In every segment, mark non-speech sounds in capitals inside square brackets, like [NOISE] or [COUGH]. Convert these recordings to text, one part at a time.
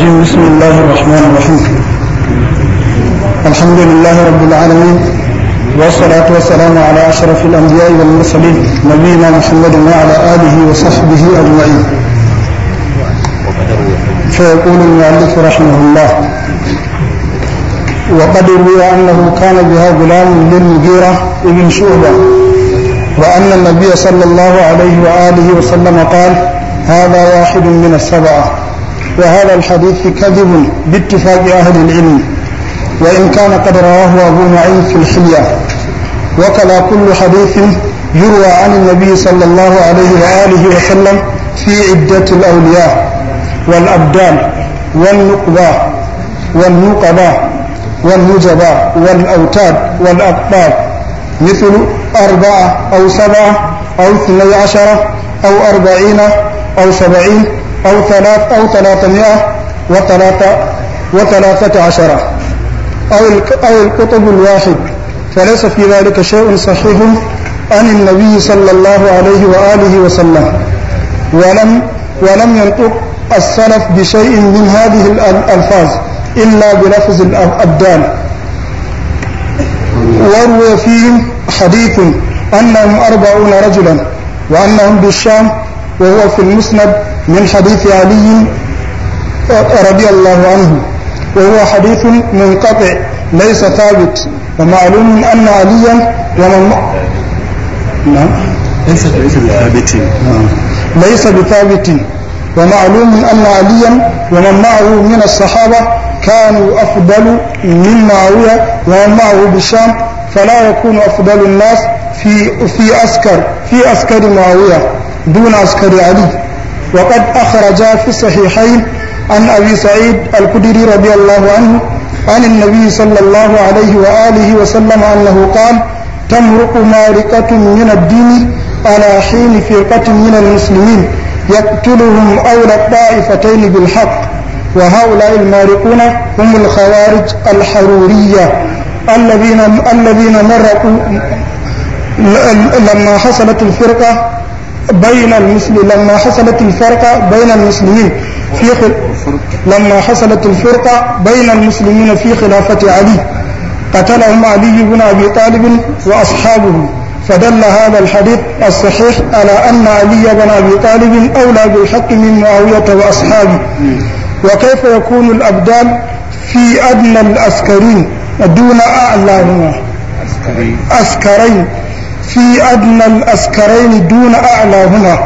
الرجيم بسم الله الرحمن الرحيم الحمد لله رب العالمين والصلاة والسلام على أشرف الأنبياء والمرسلين نبينا محمد وعلى آله وصحبه أجمعين فيقول المؤلف رحمه الله وقد روي أنه كان بها غلام للمغيرة بن شعبة وأن النبي صلى الله عليه وآله وسلم قال هذا واحد من السبعة وهذا الحديث كذب باتفاق أهل العلم وإن كان قد رواه أبو نعيم في الحلية وكلا كل حديث يروى عن النبي صلى الله عليه وآله وسلم في عدة الأولياء والأبدان والنقباء والنقباء والنجباء والأوتاد والأقطاب مثل أربعة أو سبعة أو اثني عشرة أو أربعين أو سبعين أو ثلاث أو ثلاثمائة وثلاثة وثلاثة عشرة أو أو القطب الواحد فليس في ذلك شيء صحيح عن النبي صلى الله عليه وآله وسلم ولم ولم ينطق السلف بشيء من هذه الألفاظ إلا بلفظ الأبدان وروي فيهم حديث أنهم أربعون رجلا وأنهم بالشام وهو في المسند من حديث علي رضي الله عنه وهو حديث منقطع ليس ثابت ومعلوم أن عليا ومن نعم ليس بثابت نعم. ليس بثابت ومعلوم أن عليا ومن معه من الصحابة كانوا أفضل من معاوية ومن معه بالشام فلا يكون أفضل الناس في في أسكر في أسكر معاوية دون عسكر علي وقد أخرج في الصحيحين عن أبي سعيد الكدري رضي الله عنه عن النبي صلى الله عليه وآله وسلم أنه قال تمرق مارقة من الدين على حين فرقة من المسلمين يقتلهم أولى الطائفتين بالحق وهؤلاء المارقون هم الخوارج الحرورية الذين الذين مرقوا لما حصلت الفرقة بين المسلمين لما حصلت الفرقة بين المسلمين في خل... لما حصلت الفرقة بين المسلمين في خلافة علي قتلهم علي بن أبي طالب وأصحابه فدل هذا الحديث الصحيح على أن علي بن أبي طالب أولى بالحق من معاوية وأصحابه وكيف يكون الأبدال في أدنى الأسكرين دون أعلاهما أسكرين في أدنى الأسكرين دون أعلاهما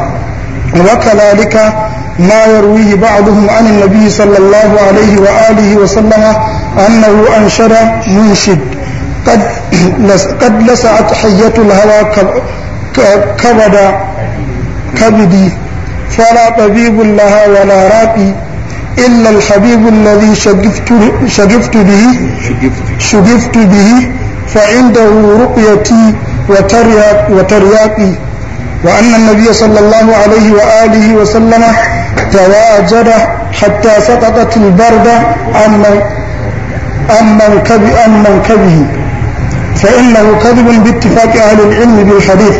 وكذلك ما يرويه بعضهم عن النبي صلى الله عليه وآله وسلم أنه أنشد منشد قد قد لسعت حية الهوى كبد كبدي فلا طبيب لها ولا راقي إلا الحبيب الذي شغفت شغفت به شغفت به فعنده رقيتي وترياقه وأن النبي صلى الله عليه وآله وسلم تواجد حتى سقطت البردة عن منكب عن منكبه فإنه كذب باتفاق أهل العلم بالحديث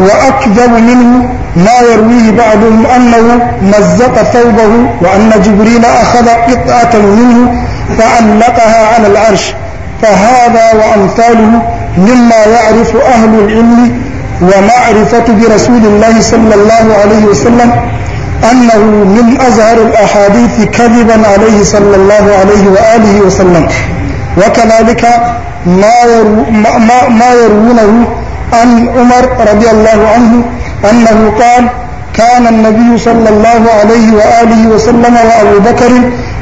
وأكذب منه ما يرويه بعضهم أنه مزق ثوبه وأن جبريل أخذ قطعة منه فعلقها على العرش فهذا وأمثاله مما يعرف أهل العلم ومعرفة برسول الله صلى الله عليه وسلم أنه من أزهر الأحاديث كذبا عليه صلى الله عليه وآله وسلم وكذلك ما, يرو ما, ما يروونه عن عمر رضي الله عنه أنه قال كان النبي صلى الله عليه وآله وسلم وأبو بكر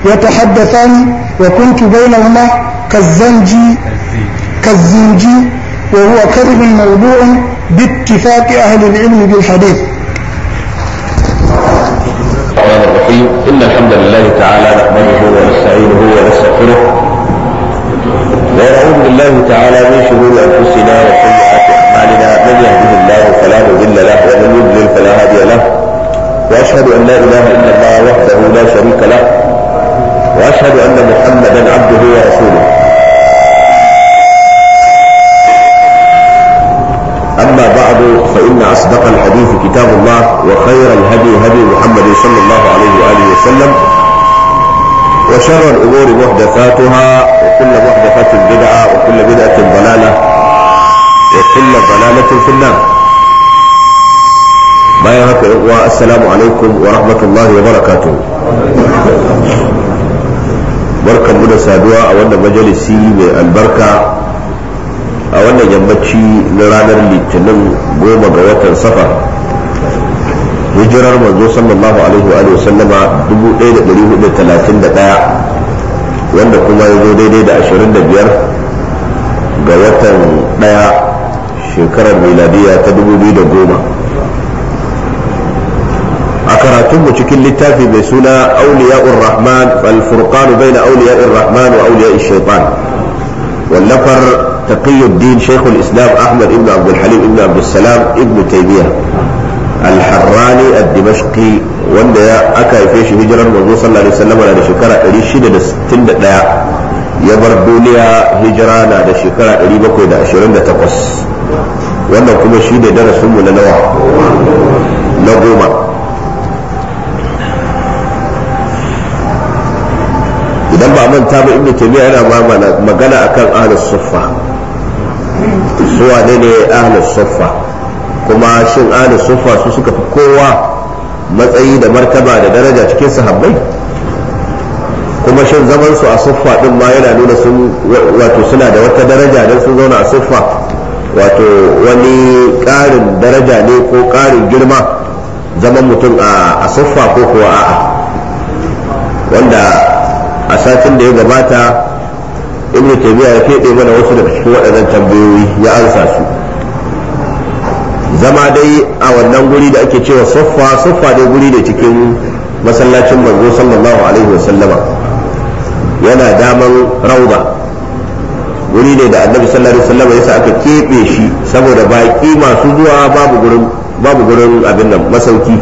يتحدثان وكنت بينهما كالزنجي كالزنجي وهو كذب موضوع باتفاق أهل العلم بالحديث الرحمن الرحيم إن الحمد لله تعالى نحمده ونستعينه ونستغفره ونعوذ بالله تعالى من شرور أنفسنا وسيئات أعمالنا من يهده الله فلا مضل له ومن يضلل فلا هادي له وأشهد أن لا إله إلا الله وحده لا شريك له وأشهد أن محمدا عبده ورسوله أما بعد فإن أصدق الحديث كتاب الله وخير الهدي هدي محمد صلى الله عليه وآله وسلم وشر الأمور محدثاتها وكل محدثة بدعة وكل بدعة ضلالة وكل ضلالة في النار بارك والسلام عليكم ورحمة الله وبركاته بركة من سادوة أولا مجلسي من البركة a wannan yammaci na ranar litinin goma ga watan safar hijirar manzo sallallahu alaihi wa sallama 1431 wanda kuma ya zo daidai da 25 ga watan daya shekarar miladiya ta 2010 a karatunmu cikin littafi mai suna auliya'ur rahman al-furqan bayna auliya'ir rahman wa auliya'ish shaitan wallafar تقي الدين شيخ الاسلام احمد بن عبد الحليم بن عبد السلام ابن تيميه الحراني الدمشقي وندا يا اكا يفيش هجرا الرسول صلى الله عليه وسلم على شكرا اريشين دا ستين دا يا يبر دوليا على شكرا اريبكو دا اشيرين دا تقص وندا كما شيدي دا نسمو لنوع لغوما idan ba manta ba ibnu tabi'a yana ba magana akan ahlus suffa su wane ne ahlus suffa kuma shin ahlus suffa su suka fi kowa matsayi da martaba da daraja cikin sahabbai kuma shin zaman su a suffa din ma yana nuna sun wato suna da wata daraja dan sun zauna a suffa wato wani ƙarin daraja ne ko ƙarin girma zaman mutum a suffa ko kuwa a'a wanda a satin da ya gabata ibn tabiya ya fede mana wasu daga cikin waɗannan tambayoyi ya ansa su zama dai a wannan guri da ake cewa suffa suffa dai guri da cikin masallacin manzo sallallahu alaihi wa sallama yana daman rauda guri ne da annabi sallallahu alaihi wa sallama yasa aka keɓe shi saboda baƙi masu zuwa babu gurin babu gurin abin nan masauki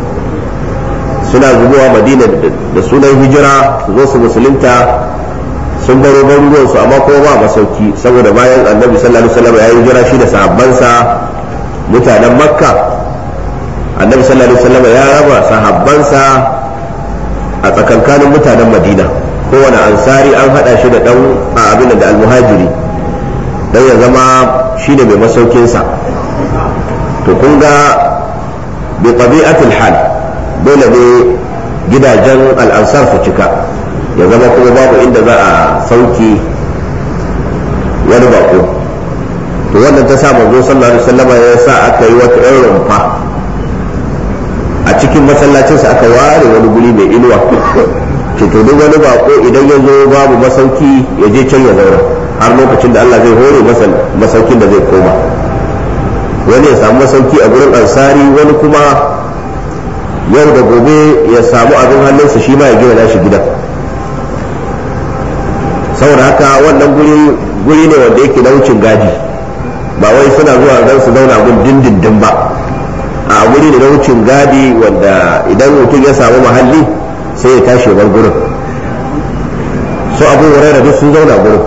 suna zuwa madina da sunan hijira su zo su musulunta sun baro garuruwan su amma kuma ba masauki saboda bayan annabi sallallahu alaihi wasallam ya yi jira shi da sahabbansa mutanen makka annabi sallallahu alaihi wasallam ya raba sahabbansa a tsakankanin mutanen madina kowane ansari an hada shi da dan abin da almuhajiri dan ya zama shi da mai sa to kun ga bi tabi'atul hal dole ne gidajen al'ansar su cika ya zama kuma babu inda za a sauki wani bako to wannan ta sa manzo sallallahu alaihi wasallam ya sa aka yi wata yan rumfa a cikin masallacinsa aka ware wani guri mai inuwa to to duk wani bako idan ya zo babu masauki ya je can ya zauna har lokacin da Allah zai hore masa masaukin da zai koma wani ya samu masauki a gurin ansari wani kuma yau da gobe ya samu abin hannunsa shi ma ya gina nashi gidan saboda haka wannan guri guri ne wanda yake na wucin gadi ba wai suna zuwa zan su zauna gun dindindin ba a guri ne na wucin gadi wanda idan mutum ya samu mahalli sai ya tashi bar gurin su abu huraira duk sun zauna gurin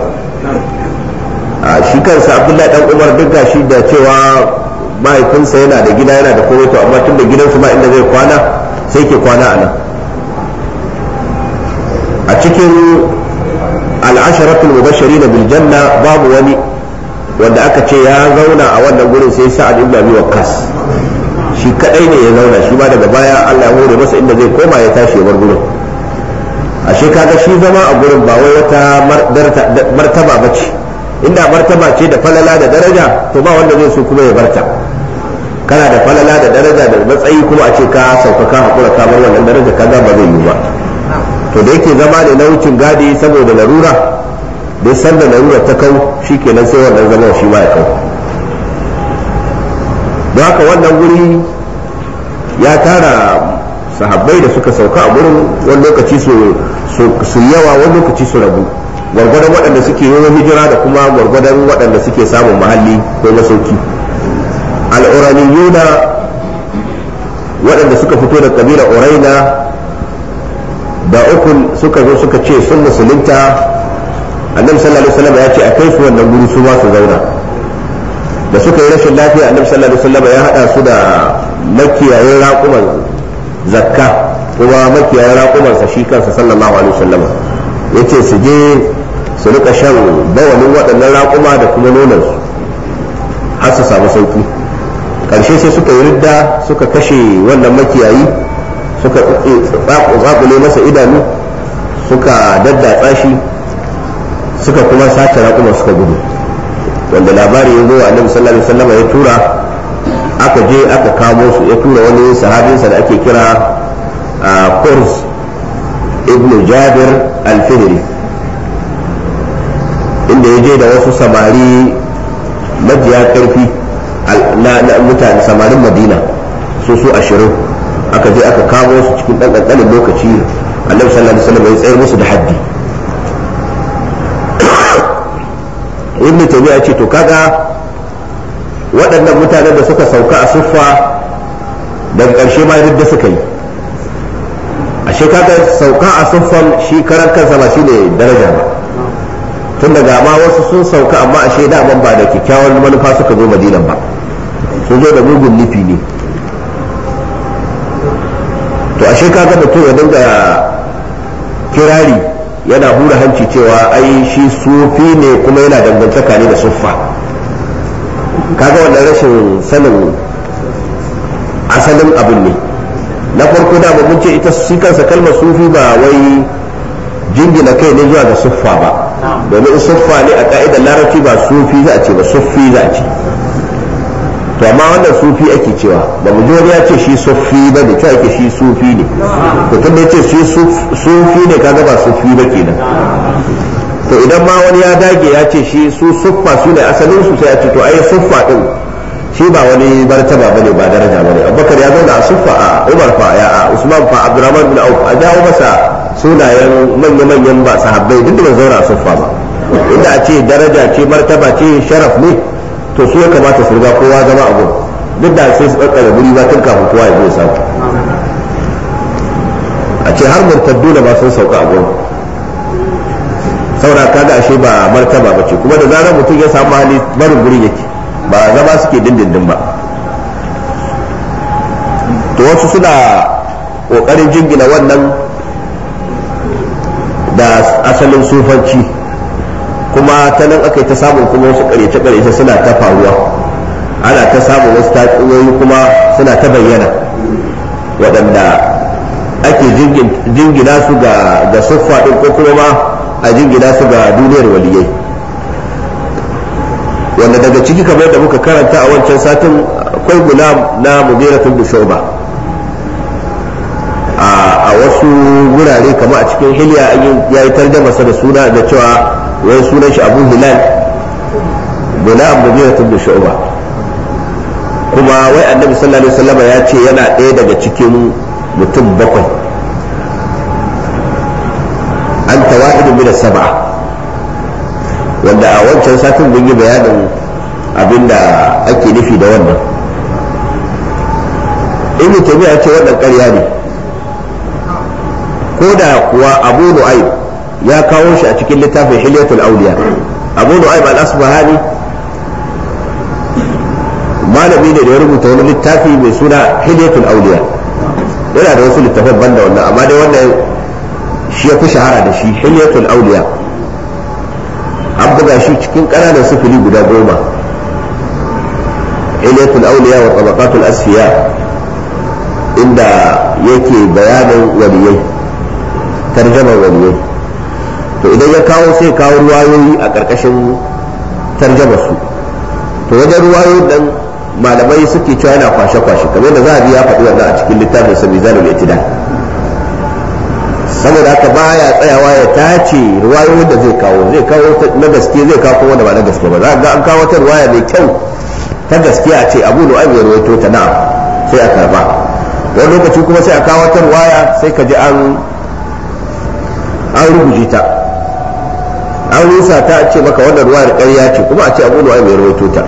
a shi kansa abdullahi dan umar duk gashi da cewa mahaifinsa yana da gida yana da komai to amma tun da gidansu ba inda zai kwana sai ke kwana a nan a cikin al'asharatul mubashirin bil janna babu wani wanda aka ce ya zauna a wannan gurin sai sa'ad ibn abi waqqas shi kadai ne ya zauna shi ma daga baya Allah ya hore masa inda zai koma ya tashi ya bar gurin ashe kaga shi zama a gurin ba wai wata martaba bace inda martaba ce da falala da daraja to ba wanda zai so kuma ya barta kana da falala da daraja da matsayi kuma a ce ka sauka ka hakura ka bar wannan daraja kaga ba zai yi ba to da yake zama ne na wucin gadi saboda larura da sanda larura ta kau shi kenan sai wannan zaman shi ma ya kau don haka wannan guri ya tara sahabbai da suka sauka a gurin wani lokaci su yawa wani lokaci su rabu gwargwadon waɗanda suke yi hijira da kuma gwargwadon waɗanda suke samun mahalli ko masauki yuna waɗanda suka fito da ƙabilar uraina da uku suka zo suka ce sun musulunta annabi sallallahu alaihi wasallam ya ce akai su wannan guri su ma su zauna da suka yi rashin lafiya annabi sallallahu alaihi wasallam ya hada su da makiyayin raƙuman zakka kuma makiyayin raƙumansa shi kansa sallallahu alaihi wasallam ya ce su je su rika shan bawalin waɗannan raƙuma da kuma su har su samu sauki ƙarshe sai suka yi ridda suka kashe wannan makiyayi suka tsakule eh, masa idanu suka daddatsa shi suka kuma sace raƙuma suka gudu wanda labari ya zo nan sallallahu alaihi wasallam ya tura aka je aka kamo su ya tura wani sahabinsa da ake kira Qurs ibn Jabir al-Fihri inda ya je da wasu samari majiya karfi na mutane samarin Madina su su ashirin aka je aka kamo su cikin ɗan ƙanƙanin lokaci annabi sallallahu alaihi wasallam ya tsayar musu da haddi ibn taymiya ce to kaga waɗannan mutanen da suka sauka a suffa daga ƙarshe ma yadda suka yi ashe kaga sauka a suffan shi karan kansa ba shine daraja ba tun daga ma wasu sun sauka amma ashe da ban ba da kyakkyawan manufa suka zo madinan ba sun zo da mugun nufi ne to ashe ga mutum ya dinga kirari yana hura hanci cewa ai shi sufi ne kuma yana dangantaka ne da suffa kaga wannan rashin sanin asalin abin ne na farko da mun ce ita shi kansa kalmar sufi ba wai jingina kai ne zuwa ga suffa ba domin suffa ne a ka'idar larabci ba sufi za a ce ba sufi za a ce to amma wannan sufi ake cewa da mujori ya ce shi sufi ba da cewa ake shi sufi ne to tunda ya ce shi sufi ne kaga ba sufi ba ke nan to idan ma wani ya dage ya ce shi su suffa su ne asalin su sai a ce to ai suffa din shi ba wani martaba bane ba daraja bane abubakar ya zauna a suffa a umar fa ya a usman fa abdurrahman bin auf a dawo masa sunayen manya-manyan ba sahabbai duk da zauna a suffa ba inda a ce daraja ce martaba ce sharaf ne to su ya kamata su riga kowa zama abu duk da sai su tsakkara guri ba tun kafin kowa ya zo sa a ce har murtaddu da ba sun sauka a gurin saboda kaga ashe ba martaba ba ce kuma da zarar mutum ya samu hali barin guri yake ba zama suke dindindin ba to wasu suna kokarin jingina wannan da asalin sufanci kuma ta nan aka yi ta samun kuma wasu ƙaryace ƙaryace suna ta faruwa ana ta samun wasu taƙiyoyi kuma suna ta bayyana waɗanda ake jingina su ga siffa ɗin ko kuma ma a jingina su ga duniyar waliyai wanda daga ciki kamar da muka karanta a wancan satin akwai gulam na mudiratun ba a wasu wurare kamar a cikin hiliya an yi tarjama da suna da cewa wai sunan shi abu hilal abu biyar tun da shu'ba kuma wai annabi sallallahu alaihi wasallama ya ce yana ɗaya daga cikin mutum bakwai an tawa'id mina sab'a wanda a wancan satin mun yi bayanin da ake nufi da wannan ibnu tabi'a ce wannan ƙarya ne ko da kuwa abu nu'aym ya kawo shi a cikin littafin hilyatul auliya abu nu'aym malami ne da ya rubuta wani littafi mai suna hilyatul auliya yana da wasu littafan banda wannan amma dai wanda shi ya fi shahara da shi hilyatul auliya an buga shi cikin kananan sufuri guda goma hilyatul auliya wa tabaqatul asfiya inda yake bayanin tarjamar waliyai to idan ya kawo sai kawo ruwayoyi a ƙarƙashin tarjama su to wajen ruwayoyin dan malamai suke cewa yana kwashe-kwashe kamar da za a biya faɗi wannan a cikin littafin sa mizanul itidal saboda haka baya tsayawa ya tace ruwayoyin da zai kawo zai kawo na gaske zai kawo kuma da ba na gaske ba za ga an kawo ta ruwaya mai kyau ta gaske a ce abu da ya ruwaito ta na sai a karba wani lokaci kuma sai a kawo ta ruwaya sai ka ji an an rubuce ta an rusa ta ce maka wannan ruwayar ƙarya ce kuma a ce abu ruwa mai rawaito ta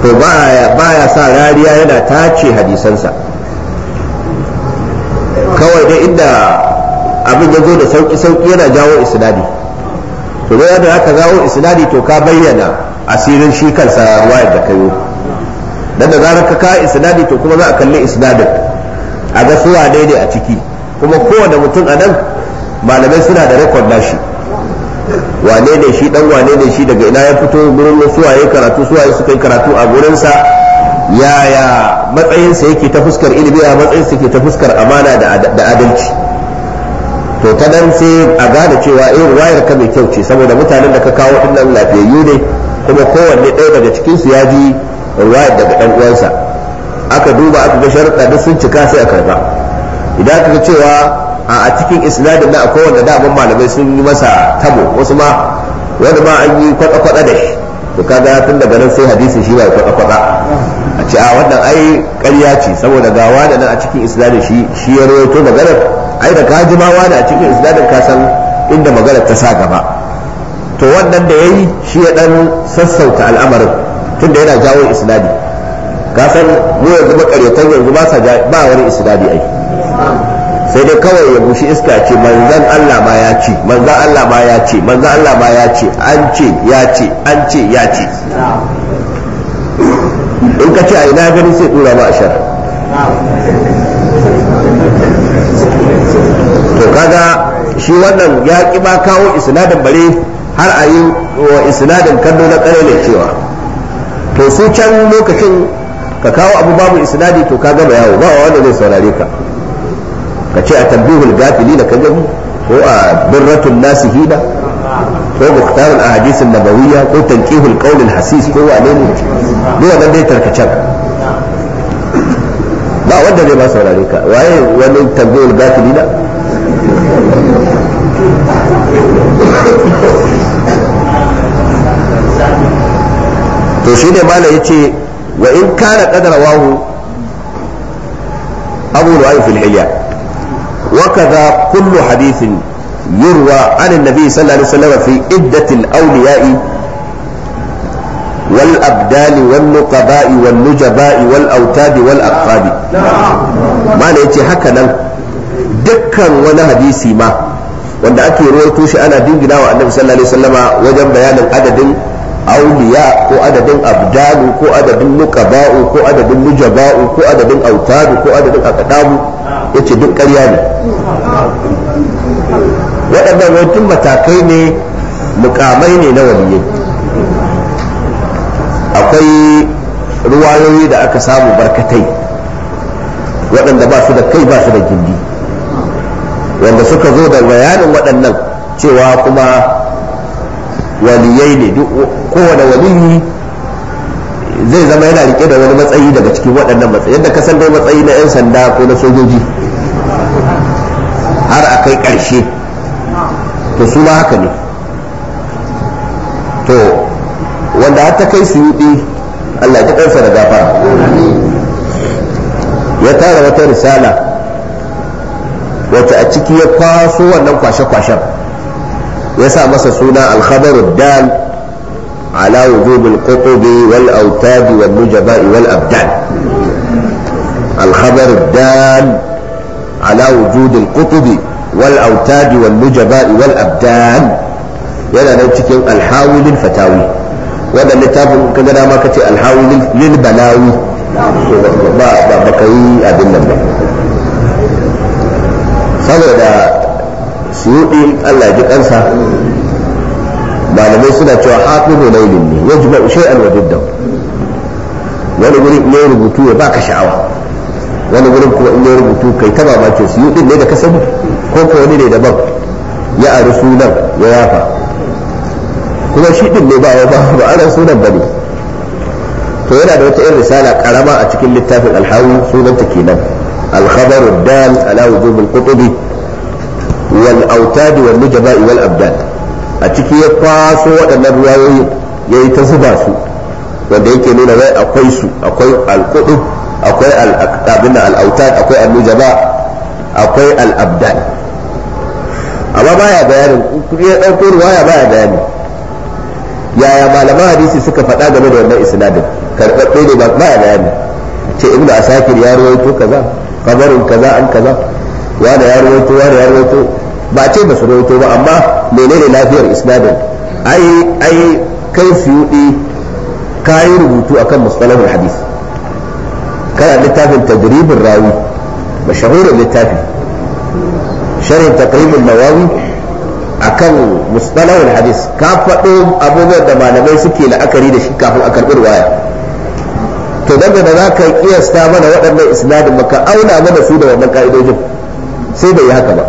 to ya sa rariya yana tace hadisansa kawai dai inda abin ya zo da sauki sauki yana jawo isnadi to da yadda aka jawo isnadi to ka bayyana asirin shi kansa ruwayar da kayo dan da zarar ka kawo isnadi to kuma za a kalli isnadin a ga suwa daidai a ciki kuma kowane mutum a nan malamai suna da rekod nashi wane ne shi dan wane ne shi daga ina ya fito gurin waye karatu su waye suka yi karatu a gurin gurinsa yaya matsayinsa yake ta fuskar ilimi a matsayinsa yake ta fuskar amana da adalci to ta nan sai a gane cewa eh wayar ka mai kyau ce saboda mutanen da ka kawo dinnan lafiyayyu ne kuma kowanne ɗaya daga cikin su ya ji ruwayar daga dan uwansa aka duba aka ga sharuɗa duk sun cika sai a karba idan aka ga cewa a cikin isnadin na akwai wanda daman malamai sun yi masa tabo wasu ma wani ma an yi kwada-kwada da shi to kaga tun daga nan sai hadisin shi ba kwada-kwada a ce a wannan ai ƙarya ce saboda ga wani nan a cikin isnadin shi shi ya rawaito maganar ai da ka ji ma wani a cikin isnadin ka san inda maganar ta sa gaba to wannan da yayi shi ya dan sassauta al'amarin tunda yana jawo isnadi ka san mu yanzu makaryatan yanzu ba sa ba wani isnadi ai sai dai kawai ya bushi iska ce manzan Allah ma ya ce manzan Allah ma ya ce manzan Allah ma ya ce an ce ya ce an ce ya ce in ka ce a ina gani sai tura ma a to kaga shi wannan ya ki ba kawo isnadin bare har a yi wa isnadin kallo na kare ne cewa to su can lokacin ka kawo abu babu isnadi to ka gama yawo ba wanda zai saurare ka ka ce a tambihul gafili da ka gani ko a birratun nasi hina ko muhtarul ahadisin nabawiyya ko tankihul qaulil hasis ko wane ne duk wannan dai tarkacen ba wanda zai ba saurare ka waye wani tambihul gafili na to shi ne mala ya ce wa in kana kadar wahu abu ruwa fil hiyya وكذا كل حديث يروى عن النبي صلى الله عليه وسلم في عدة الأولياء والأبدال والنقباء والنجباء والأوتاد والأقطاب ما نأتي هكذا دكا ولا حديثي ما wanda ake ruwaito tushe ana dingina wa annabi sallallahu alaihi wasallama wajen bayanin adadin auliya ko adadin abdalu ko adadin nukaba'u ko adadin nujaba'u ko adadin autadu ko adadin aqdamu yace duk ƙarya ne waɗannan hotun matakai ne mukamai ne na waliyai akwai ruwayoyi da aka samu barkatai waɗanda ba su da kai ba su da gindi wanda suka zo da bayanin waɗannan cewa kuma waliyai ne duk kowane waliyi zai zama yana rike da wani matsayi daga cikin waɗannan matsayi yadda ka san matsayi na 'yan sanda ko na sojoji har a kai ƙarshe to su ma haka ne to wanda har ta kai su yuɗi Allah ya ƙarsa da gafara ya tara wata risala wata a ciki ya kwaso wannan kwashe-kwashen ya sa masa suna alkhabar dal ala wujubul qutubi wal autadi wal nujaba'i wal abdan alkhabar dal ala wujudil qutubi wal autadi wal nujaba'i wal abdan yana nan cikin alhawilin fatawi wannan littafin kaga dama kace alhawilin lil balawi ba kai abin nan ba saboda suyudi Allah ji kansa malamai suna cewa hafizu lailin ne yajma shay'an wa wani ne rubutu ya baka sha'awa wani wurin kuma in ya rubutu kai ta mamakin su yi din ne da ka sani ko ka wani ne daban ya ari sunan ya yafa kuma shi din ne ba ya ba ba sunan ba ne to yana da wata irin risala karama a cikin littafin alhawi sunanta kenan الخبر wal على وجوب القطب والأوتاد والنجباء والأبدان أتكي يقاسو وأن الرواية يتزباسو wanda yake nuna wai akwai su akwai alkudu akwai abin al'autar akwai annujaba akwai al'abdan amma baya bayanin ya ɗauko ruwaya baya bayani yaya malaman hadisi suka faɗa game da wannan isnadin karɓaɓɓe ne ba baya bayani ce ibnu asakir ya rawaito kaza kabarin kaza an kaza wanda ya rawaito wanda ya rawaito ba ce ba su rawaito ba amma menene lafiyar isnadin ai ai kai suyudi kayi rubutu akan mustalahul hadisi kana littafin tadribin rawi mashahurin littafi sharhin taqribul nawawi akan mustalahul hadis ka faɗo abubuwan da malamai suke la'akari da shi kafin a karɓi waya to daga da za ka kiyasta mana waɗannan isnadin maka auna mana su da wannan ka'idojin sai bai yi haka ba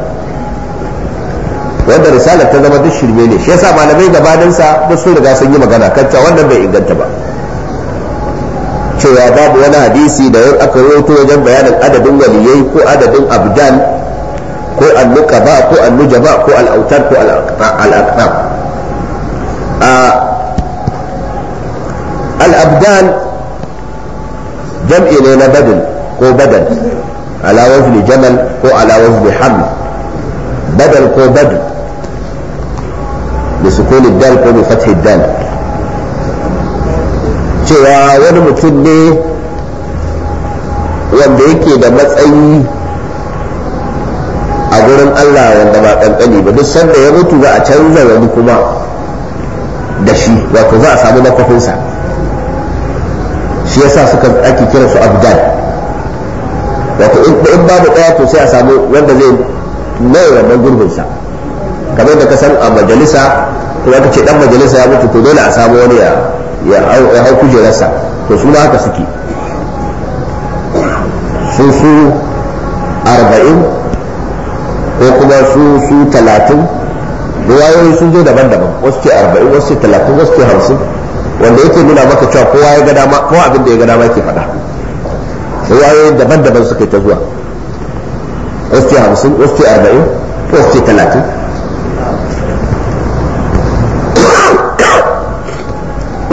wanda risalar ta zama duk shirme ne shi yasa malamai gabaninsa duk sun riga sun yi magana kan cewa wannan bai inganta ba cewa babu wani hadisi da yau aka rawaito wajen bayanin adadin waliyai ko adadin abdan ko annuqaba ko ba ko al'autar ko al'aqtab al'abdan jam'i ne na badal ko badal ala wazni jamal ko ala wazni haml badal ko badal bi sukuni dal ko bi fathi dal cewa wani mutum ne wanda yake da matsayi a gurin Allah wanda ba kankani ba duk sanda ya mutu za a canza wani kuma da shi wato za a samu makwafinsa shi yasa suka ake kira su abdal wato in ba babu ɗaya to sai a samu wanda zai mai wannan gurbinsa kamar da ka san a majalisa kuma ka ce ɗan majalisa ya mutu to dole a samu wani ya ya hau kujerarsa to su haka suke su su arba'in ko kuma su su talatin ruwayoyi sun zo daban-daban wasu ce arba'in wasu ce talatin wasu ce hamsin wanda yake nuna maka cewa kowa ya gada ma kowa abin da ya gada ma ke faɗa ruwayoyi daban-daban suka yi ta zuwa wasu ce hamsin wasu ce arba'in wasu ce talatin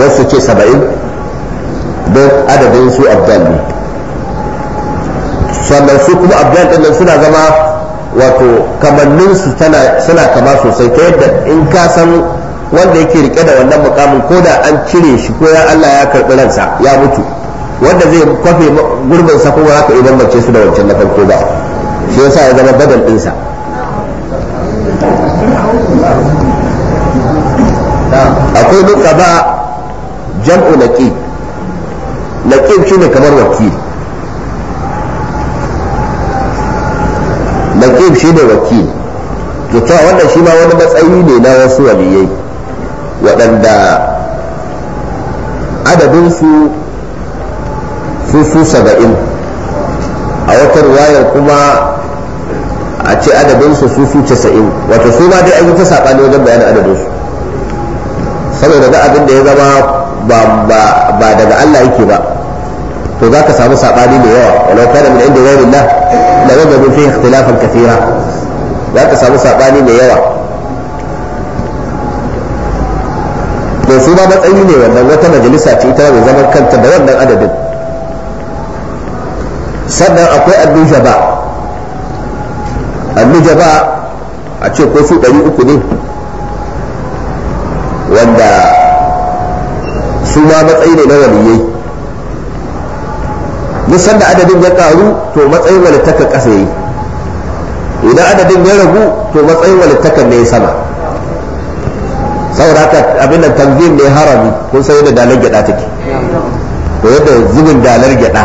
wasu ce saba'in don adadin su abdal ne sannan su kuma abdal ɗin nan suna zama wato kamanninsu su suna kama sosai ta yadda in ka san wanda yake rike da wannan mukamin ko da an cire shi ko ya Allah ya karɓi ransa ya mutu wanda zai kwafe gurbin sa kuma haka idan bace su da wancan na farko ba shi yasa ya zama badal ɗinsa akwai duka ba jam'u naqib naqib شنو كمر وكيل naqib شنو وكيل to ta wannan shi wani matsayi ne na wasu waliyai waɗanda adadinsu su su saba'in a wata ruwayar kuma a ce adadinsu su su casa'in wato su ma dai an yi ta ne wajen bayanin su saboda da abin da ya zama ba daga Allah yake ba to za ka samu saɓani mai yawa walau kana min inda ghairi Allah la wajadu fihi ikhtilafan kathira za ka samu saɓani mai yawa to su ba matsayi ne wannan wata majalisa ce ita mai zaman kanta da wannan adadin sannan akwai annuja ba annuja ba a ce ko su ɗari uku ne wanda suma ma matsayi ne na waliyai musan da adadin ya karu to matsayin walittakan ƙasa yi idan adadin ya ragu to matsayin walittakan ne sama saboda haka abin da tanzim ne harami kun san yadda dalar gyada take to yadda zubin dalar gyada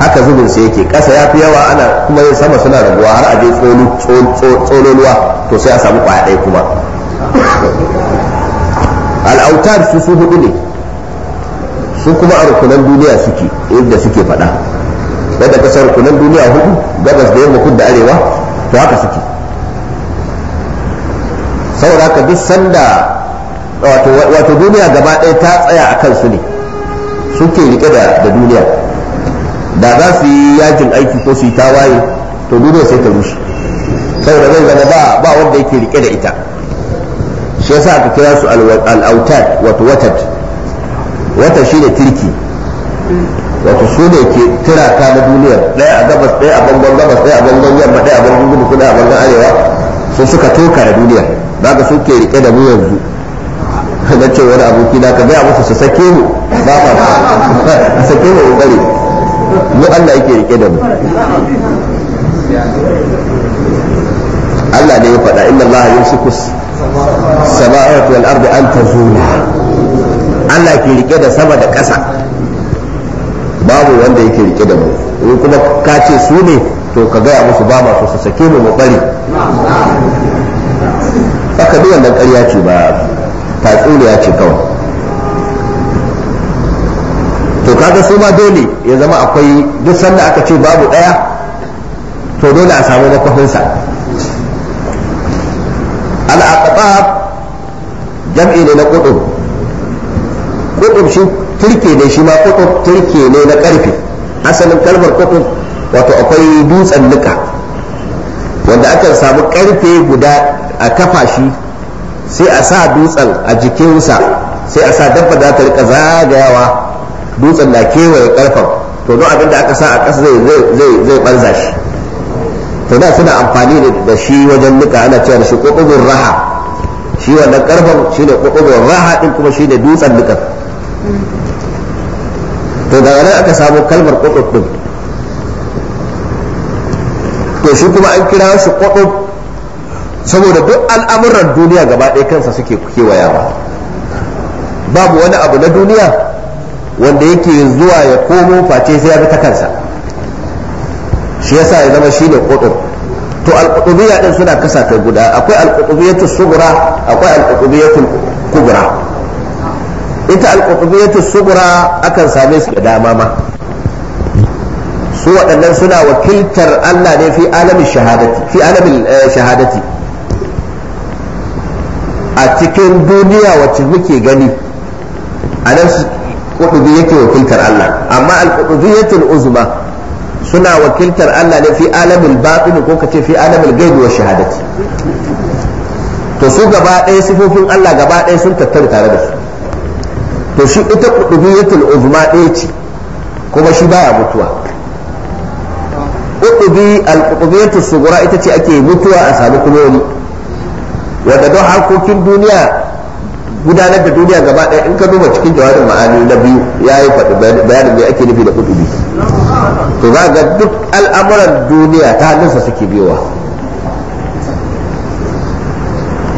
haka zubin su yake ƙasa ya fi yawa ana kuma yin sama suna raguwa har a je tsololuwa to sai a samu kwaya ɗaya kuma al'autar su su hudu ne su kuma a rukunan duniya suke inda suke faɗa yadda kasar rukunan duniya hudu gabas da yamma da arewa to haka suke saboda haka duk sanda wato duniya gaba ɗaya ta tsaya a kansu ne suke rike da duniya da za su yi yajin aiki ko su yi tawaye to duniya sai ta rushe saboda zai zama ba ba wanda yake rike da ita shi yasa aka kira su al-autad wato watad wata shi da kirki wato su ne ke tiraka na duniya ɗaya a gabas ɗaya a bangon gabas ɗaya a bangon yamma ɗaya a bangon gudu kuna a bangon arewa su suka toka da duniya ba ga suke rike da mu yanzu na ce wani aboki na ka gaya musu su sake mu ba a [LAUGHS] sake mu kokari mu Allah yake rike da mu Allah ne ya faɗa inna Allah yumsiku samawati wal ardi an tazula Allah ke rike da sama da ƙasa babu wanda yake rike da mu ko kuma ka ce su ne to ka gaya musu ba ma su sake mu mu bari haka duk wannan ƙarya ce ba tatsuniya ce kawai to kaga su ma dole ya zama akwai duk sanda aka ce babu ɗaya to dole a samu makwafinsa al'aqaba jam'i ne na kudu. kutub shi turke ne shi ma kutub turke ne na karfe asalin kalmar kutub wato akwai dutsen nika wanda aka samu karfe guda a kafa shi sai a sa dutsen a jikinsa sai a sa dabba da ta rika zagayawa dutsen na kewaye karfan to don abin da aka sa a ƙasa zai banza shi to da suna amfani da shi wajen nika ana cewa da shi raha shi wannan karfan shi ne raha din kuma shi ne dutsen nikan to daga nan aka samu kalmar ƙwaƙwaf ɗin to shi kuma an kira shi ƙwaƙwaf saboda duk al'amuran duniya gaba ɗaya kansa suke kewayawa babu wani abu na duniya wanda yake zuwa ya komo face sai ya bi ta kansa shi yasa ya zama shi ne ƙwaƙwaf to alƙuɗubiya ɗin suna kasa ta guda akwai alƙuɗubiyatu sugura akwai alƙuɗubiyatu kubra ita alƙutubiyatu a akan same su da dama ma su waɗannan suna wakiltar Allah ne fi alamin shahadati fi alamin eh, shahadati a cikin duniya wacce muke gani a nan ƙudubi yake wakiltar Allah amma al-ƙudubiyatul uzma suna wakiltar Allah ne fi alamin batin ko kace fi alamin gaibi wa shahadati to su gaba ɗaya sifofin Allah gaba ɗaya sun tattara tare da su to shi ita ƙudubiyatul uzma ɗaya ce kuma shi baya mutuwa ƙudubi al-ƙudubiyatul sugura ita ce ake mutuwa a sami kuma wani wanda don harkokin duniya gudanar da duniya gaba ɗaya in ka duba cikin jawabin ma'ani na biyu ya yi faɗi bayanin me ake nufi da ƙudubi to za ga duk al'amuran duniya ta hannunsa suke biyowa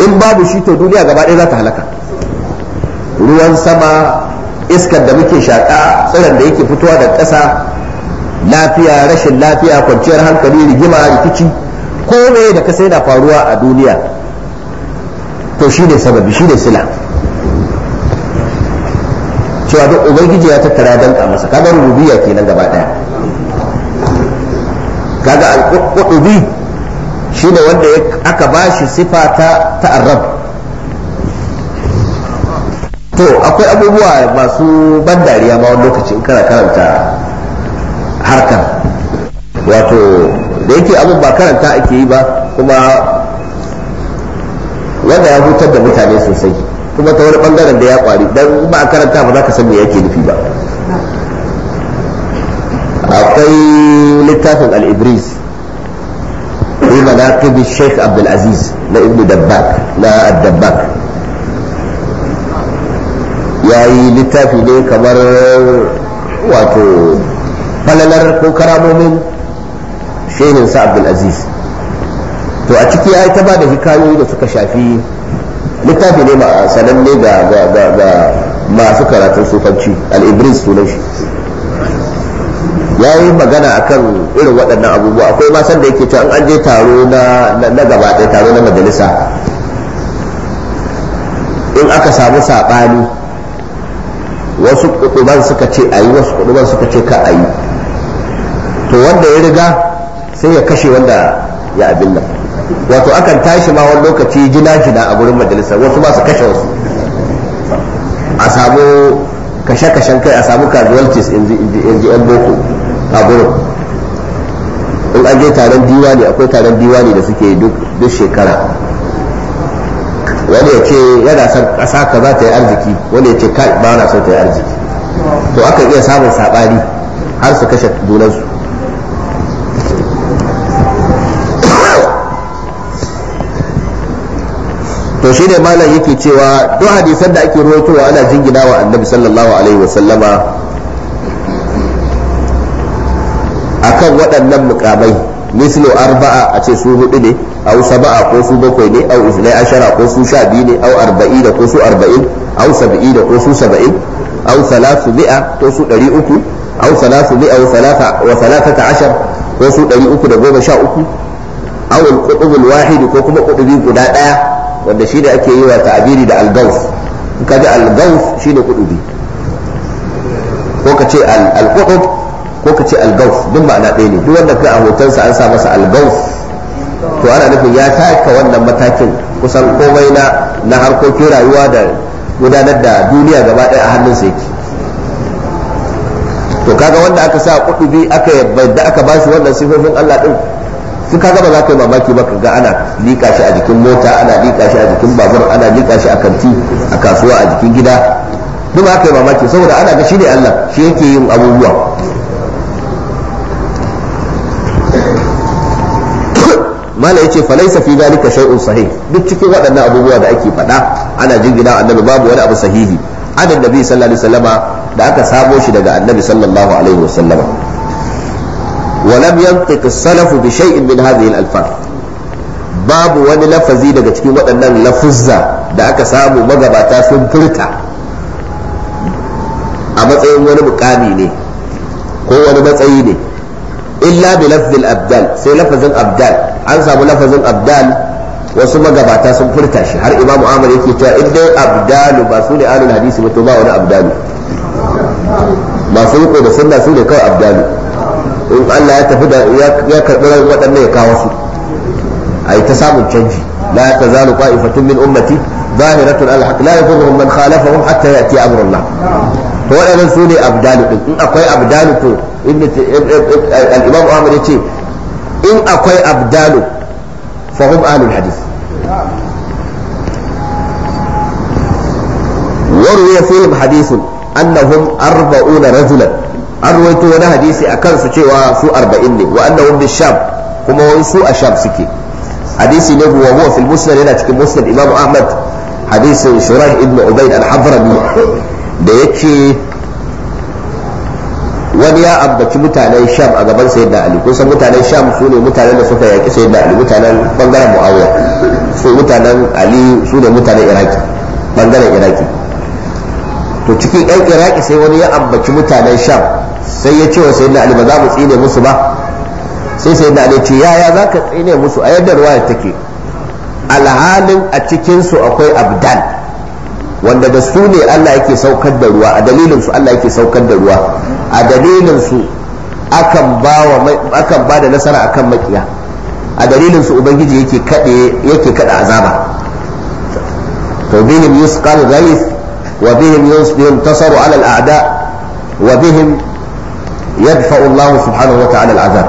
in babu shi to duniya gaba ɗaya za ta halaka ruwan sama iskar da muke shaƙa tsiron da yake fitowa da ƙasa lafiya rashin lafiya kwanciyar hankali rigima rikici komai da kasa yana faruwa a duniya to shi ne sababi shi ne sila cewa duk ubangiji ya tattara danka masa kaga ke kenan gaba ɗaya kaga al shi ne wanda aka ba shi sifa ta ta'arrab to akwai abubuwa masu ban dariya ma wani lokaci in kana karanta harkar wato da yake abin ba karanta ake yi ba kuma wanda ya hutar da mutane sosai kuma ta wani bangaren da ya kwari don ba a karanta ba za ka san me yake nufi ba akwai littafin al-ibris fi manaqibi sheikh abdul aziz na ibnu dabbak na ad-dabbak ya yi littafi ne kamar wato falalar ko karamomin shehin sa aziz to a ciki ya yi ta ba da hikayoyi da suka shafi littafi ne sananne ga masu karatun sufanci al'ibris ibris shi ya yi magana akan irin waɗannan abubuwa akwai masan da yake can an je taro na gaba ɗaya taro na majalisa in aka samu saɓani wasu kuduban suka ce a yi wasu kuduban suka ce ka a yi to wanda ya riga sai ya kashe wanda ya abin nan wato akan tashi ma wani lokaci jina jina a gurin majalisa wasu ba su kashe wasu a samu kashe-kashen kai a samu casualties in ji yan boko a gurin in an je taron diwani akwai taron diwani da suke duk shekara wani ya ce yana son ƙasa ka za ta yi arziki wani ya ce kai ba na son ta yi arziki to aka iya samun saɓani har su kashe dunansu to shine malam yake cewa duk hadisan da ake wa ana jingina wa annabi sallallahu alaihi wasallama akan waɗannan mukamai mislo arba'a a ce su hudu ne au saba'a ko su bakwai ne au isnai a ko su sha biyu au arba'ina ko au saba'ina ko da goma sha uku au alƙuɗubul wahidi ko kuma ƙuɗubi guda ɗaya wanda shi ake yi wa da ko ma'ana a ne duk wanda a hotonsa an sa masa to ana nufin ya taka wannan matakin kusan komai na na harkokin rayuwa da gudanar da duniya gaba ɗaya a hannun sa yake to kaga wanda aka sa kudubi aka yadda aka bashi wannan sifofin Allah din su kaga ba za ka yi mamaki ba ga ana lika shi a jikin mota ana lika shi a jikin babur ana lika shi a kanti a kasuwa a jikin gida duk aka yi mamaki saboda ana ga shi ne Allah shi yake yin abubuwa mala yace falaisa fi zalika shay'un sahih duk cikin waɗannan abubuwa da ake faɗa ana jingina annabi babu wani abu sahihi anan nabi sallallahu alaihi wasallama da aka samo shi daga annabi sallallahu alaihi wasallama ولم ينطق السلف بشيء من هذه الألفاظ babu wani lafazi daga cikin waɗannan lafuzza da aka samu magabata sun furta a matsayin wani mukami ne ko wani matsayi ne illa bi lafzil abdal sai lafazin abdal an samu lafazin abdal wasu magabata sun furta shi har imamu amr yake cewa in dai abdalu ba su ne alul hadisi ba to ba wani abdalu ba su riko da sunna su ne kawai abdalu in Allah ya tafi da ya karbi waɗannan ya kawo su a ta samun canji la ta zalu qa'ifatun min ummati zahiratun alhaq la yadurruhum man khalafahum hatta ya'ti amrullah to waɗannan su ne abdalu din in akwai abdalu to al-imam Ahmad ya ce in akwai abdalu fahim ahlul hadith waruwa fihim hadithun annahum arba'una rajulan an ruwaito wani hadisi a kansu cewa su arba'in ne wa annahum bi kuma wai su a sham suke hadisi ne huwa huwa fil musnad yana cikin musnad imam ahmad hadisin shurah ibn ubayd al-hadrami da yake wani ya ambaci mutanen sham a gaban sayyidina ali kun san mutanen sham su ne mutanen da suka yaki sayyidina ali mutanen bangaren muawiya su mutanen ali su ne mutanen iraki bangaren iraki to cikin yan iraki sai wani ya ambaci mutanen sham sai ya ce wa sayyidina ali ba za mu tsine musu ba sai sayyidina ali ce yaya za ka tsine musu a yadda ruwa take alhalin a cikinsu akwai abdal wanda da su ne Allah yake saukar da ruwa a dalilin su Allah yake saukar da ruwa a dalilin su akan ba wa akan ba da nasara akan makiya a dalilin su ubangiji yake kade yake kada azaba to bihim yusqal ghaith wa bihim yuntasaru ala al-a'da wa bihim yadfa Allah subhanahu wa ta'ala al-azab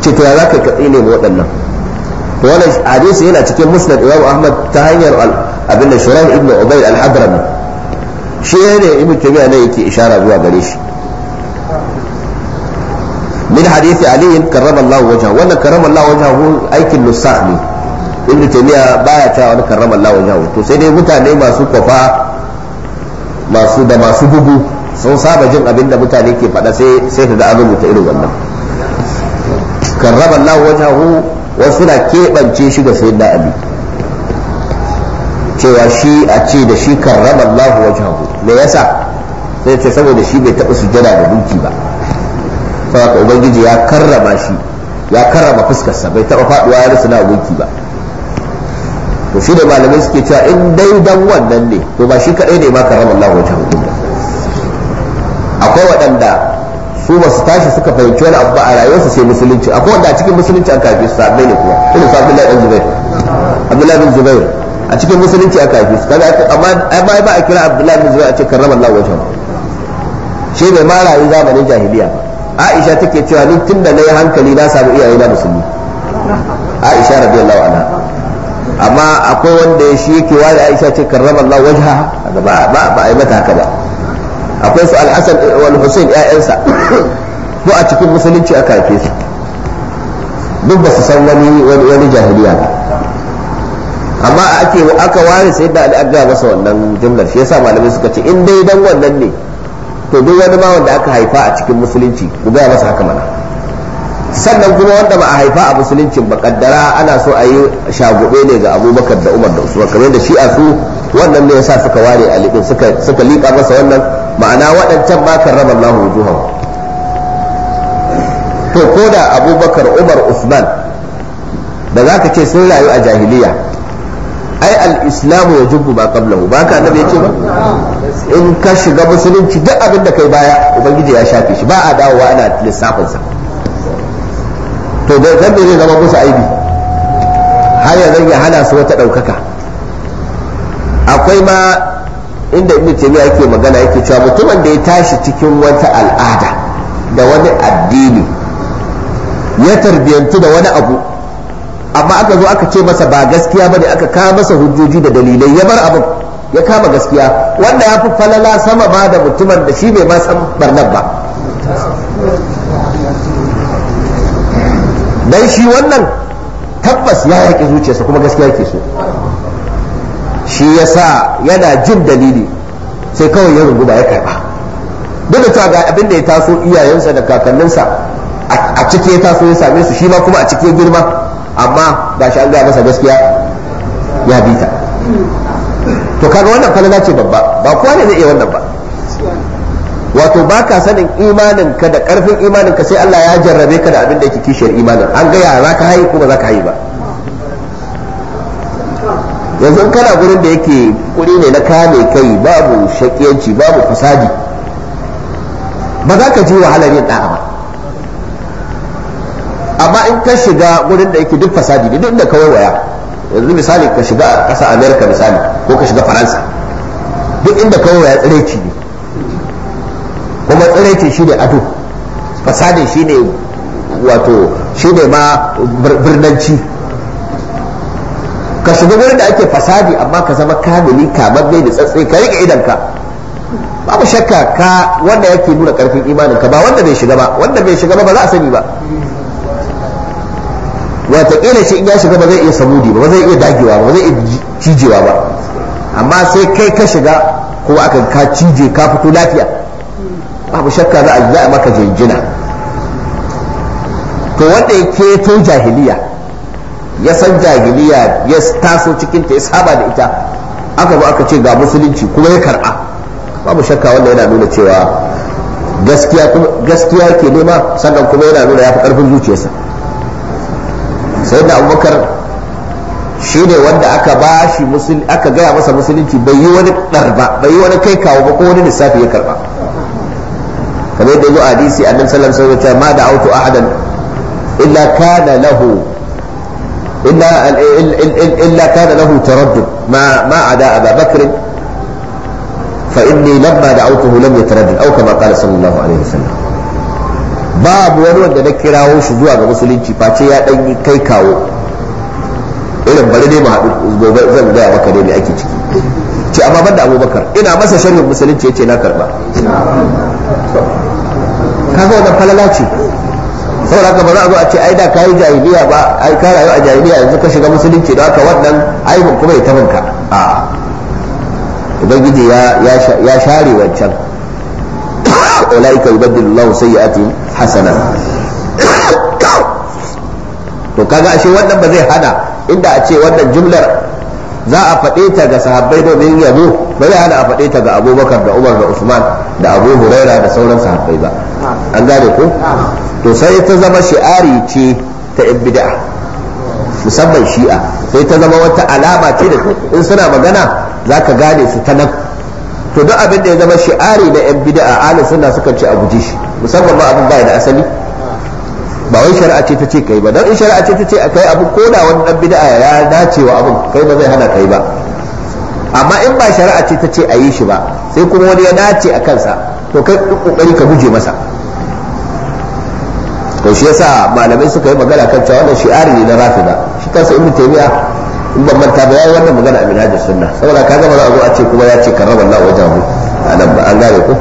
ce to ya zaka katsi ne waɗannan wannan hadisi yana cikin musnad Imam Ahmad ta hanyar al. abinda shuraih ibn ubayd al-hadrami shi ne ibn tabiya ne yake ishara zuwa gare shi min hadisi ali karrama Allah wajha wannan karrama Allah hu aikin nusakh ne ibn tabiya baya ta wani karrama Allah wajha to sai dai mutane masu kwafa masu da masu bugu sun saba jin abinda mutane ke faɗa sai sai ka ga an rubuta irin wannan karrama Allah hu wasu na keɓance shi ga sayyidina abin. cewa shi a ce da shi karrama Allah wajhahu me yasa sai ce saboda shi bai taɓa sujada da duki ba saboda ubangiji ya karrama shi ya karrama fuskarsa bai taɓa faɗuwa ya rasu na gunki ba to shi da malamai suke cewa in dai dan wannan ne to ba shi kaɗai ne ma karrama Allah wajhahu akwai waɗanda su ba su tashi suka fahimci wani abu ba a rayuwarsu sai musulunci akwai wanda a cikin musulunci an kafi su sabbai ne kuma irin su abdullahi bin zubairu abdullahi bin zubairu. a cikin musulunci aka haife su kaga amma amma ba a kira abdullahi bin zubair a ce karrama Allah wajhahu shi bai ma rayu zamanin jahiliya ba aisha take cewa ni tun da nayi hankali na samu iyaye na musulmi aisha radiyallahu anha amma akwai wanda ya shi yake wani aisha ce karrama Allah wajha ba ba ba ai mata haka ba akwai su al-hasan wal husain ƴaƴansa ko a cikin musulunci aka haife su duk ba su san wani wani jahiliya ba amma ake aka ware sai da al'adda masa wannan jumlar shi yasa malamai suka ce in dai dan wannan ne to duk wani ma wanda aka haifa a cikin musulunci ku gaya masa haka mana sannan kuma wanda ba a haifa a musulunci ba kaddara ana so a yi shagube ne ga abubakar da umar da usman kamar da shi a su wannan ne yasa suka ware a suka suka liƙa masa wannan ma'ana waɗancan ba kan raba Allahu wujuhan to ko da abubakar umar usman da za ka ce sun rayu a jahiliya ai al-islamu ya jubu ba qablahu ba ka annabi yace ba in ka shiga musulunci duk abin da kai baya ubangiji ya shafe shi ba a dawowa ana lissafin sa to da dan zai zama musu aibi har ya zai hana su wata daukaka akwai ma inda ibnu taymiya yake magana yake cewa mutumin da ya tashi cikin wata al'ada da wani addini ya tarbiyantu da wani abu amma aka zo aka ce masa ba gaskiya bane aka kawo masa hujjoji da dalilai ya bar abin ya kama gaskiya wanda ya fi falala sama ba da mutumin da shi bai ma san barnar ba dan shi wannan tabbas ya yaƙi zuciyarsa kuma gaskiya yake so shi ya sa yana jin dalili sai kawai ya ba ya karba duk da cewa ga abin da ya taso iyayensa da kakanninsa a cikin ya taso ya same su shi ma kuma a cikin girma amma ga shi an gaya masa gaskiya ya bi ta to kaga wannan falala ce babba ba kowa ne zai iya wannan ba wato ba ka sanin imanin ka da karfin imanin ka sai Allah ya jarrabe ka da abin da yake kishiyar imanin an gaya za ka haihu kuma za ka haihu ba yanzu kana gurin da yake kuri ne na kame kai babu shakiyanci babu fasadi ba za ka ji wahalar yin da'a amma in ka shiga gurin da yake duk fasadi ne duk inda ka waya yanzu misali ka shiga ƙasa america misali ko ka shiga faransa duk inda ka waya tsiraici ne kuma tsiraici shi ne ado fasadi shi ne wato shi ne ma birnanci ka shiga gurin da ake fasadi amma ka zama kamili kamar bai da tsatsai ka rike idanka babu shakka ka wanda yake nuna karfin imanin ka ba wanda bai shiga ba wanda bai shiga ba ba za a sani ba watakila shi in ya shiga ba zai iya samudi ba ba zai iya dagewa ba zai iya cijewa ba amma sai kai ka shiga ko aka ka cije ka fito lafiya babu shakka za a maka jinjina to wanda ya keto jahiliya ya san jahiliya ya taso cikin ta ya saba da ita aka zo aka ce ga musulunci kuma ya kar'a babu shakka wanda yana nuna cewa gaskiya ke nema sannan kuma yana nuna ya fi karfin zuciyarsa sai da abubakar shi ne wanda aka ba shi aka gaya masa musulunci bai yi wani ɗarba bai yi wani kai kawo ba ko wani lissafi ya karba kamar yadda zo a hadisi annabi sallallahu alaihi wasallam ma da auto ahadan illa kana lahu illa kana lahu taraddud ma ma ada aba bakr fa inni lamma da'awtuhu lam yataraddad aw kama qala sallallahu alaihi wasallam babu wani wanda na kirawo shi zuwa ga musulunci face ya dan yi kai kawo irin bari ne ma haɗu gobe zan gaya maka dai mai ake ciki ce amma banda abubakar ina masa sharhin musulunci yace na karba kaga wannan falala ce saboda haka ba za a zo a ce ai da yi jahiliya ba ai ka rayu a jahiliya yanzu ka shiga musulunci don haka wannan aibin kuma ya tabinka a ubangiji ya share wancan ulaika yubaddilu Allahu sayyi'atihim hasanat to kaga ashe wannan ba zai hana inda a ce wannan jumlar za a faɗe ta ga sahabbai domin yabo ba zai hana a faɗe ta ga abubakar da umar da usman da abu huraira da sauran sahabbai ba an gane ko to sai ta zama shi'ari ce ta yan bid'a musamman shi'a sai ta zama wata alama ce da in suna magana za ka gane su ta nan to duk abin da ya zama shi'ari na yan bid'a ahli sunna suka ce a guji shi musamman ma abin baya da asali ba wai shari'a ce ta ce kai ba dan in shari'a ce ta ce kai abu ko da wani dan bid'a ya dace wa abin kai ba zai hana kai ba amma in ba shari'a ce ta ce a yi shi ba sai kuma wani ya dace a kansa to kai kokari ka guje masa to shi yasa malamai suka yi magana kan cewa wannan shi'ari ne na rafida shi kansa ibnu taymiya in ban manta ba yayi wannan magana a minhaj sunna saboda ka gama a zo a ce kuma ya ce karrama Allah wajahu anan ba an gane ko [COUGHS]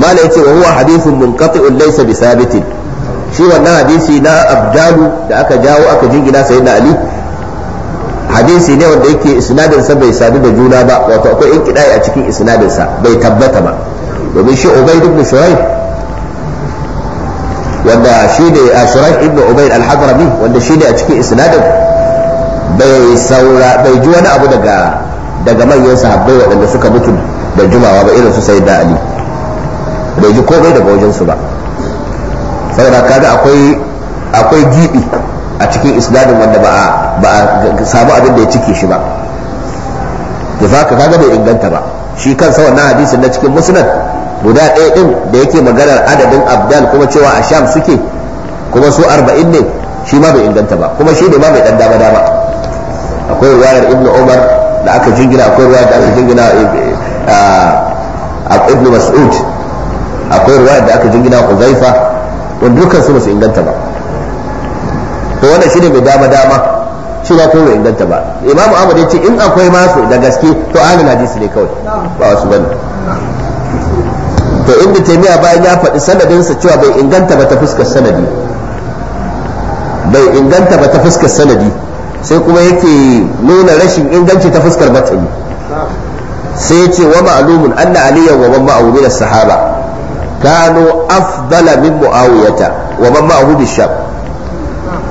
mala yace wa huwa hadithun munqati'un laysa bisabitin shi wannan hadisi na abdalu da aka jawo aka jingina sayyidina ali hadisi ne wanda yake isnadinsa bai sadu da juna ba wato akwai inkidai a cikin isnadinsa bai tabbata ba domin shi ubaid ibn shuraih wanda shi ne a shirar ibn ubayd al-hadrami wanda shi ne a cikin isnadin bai saura bai ji wani abu daga daga manyan sahabbai waɗanda suka mutu da jumawa ba irin su sai da ali bai ji komai daga wajen su ba saboda kaga akwai akwai gibi a cikin isnadin wanda ba a samu abin da ya cike shi ba da kaga bai inganta ba shi kansa wannan hadisin na cikin musnad guda ɗaya ɗin da yake maganar adadin abdal kuma cewa a sham suke kuma su arba'in ne shi ma bai inganta ba kuma shi ne ma mai ɗan dama dama akwai ruwayar ibnu umar da aka jingina akwai ruwayar da aka jingina eh, eh, ah, ibnu mas'ud akwai ruwayar da aka jingina uzaifa wanda dukkan su ba su inganta ba to wannan shi ne mai dama dama shi ba ko bai inganta ba imamu ahmad ya ce in akwai masu da gaske to ahlul hadisi ne kawai ba wasu bane to inda taimiya bayan ya faɗi sanadinsa cewa bai inganta ba ta fuskar sanadi bai inganta ba ta fuskar sanadi sai kuma yake nuna rashin inganci ta fuskar matsayi sai ya ce wa an anna aliyan wa man ma'ahu min as-sahaba kanu afdala min muawiyata wa man ma'ahu bisham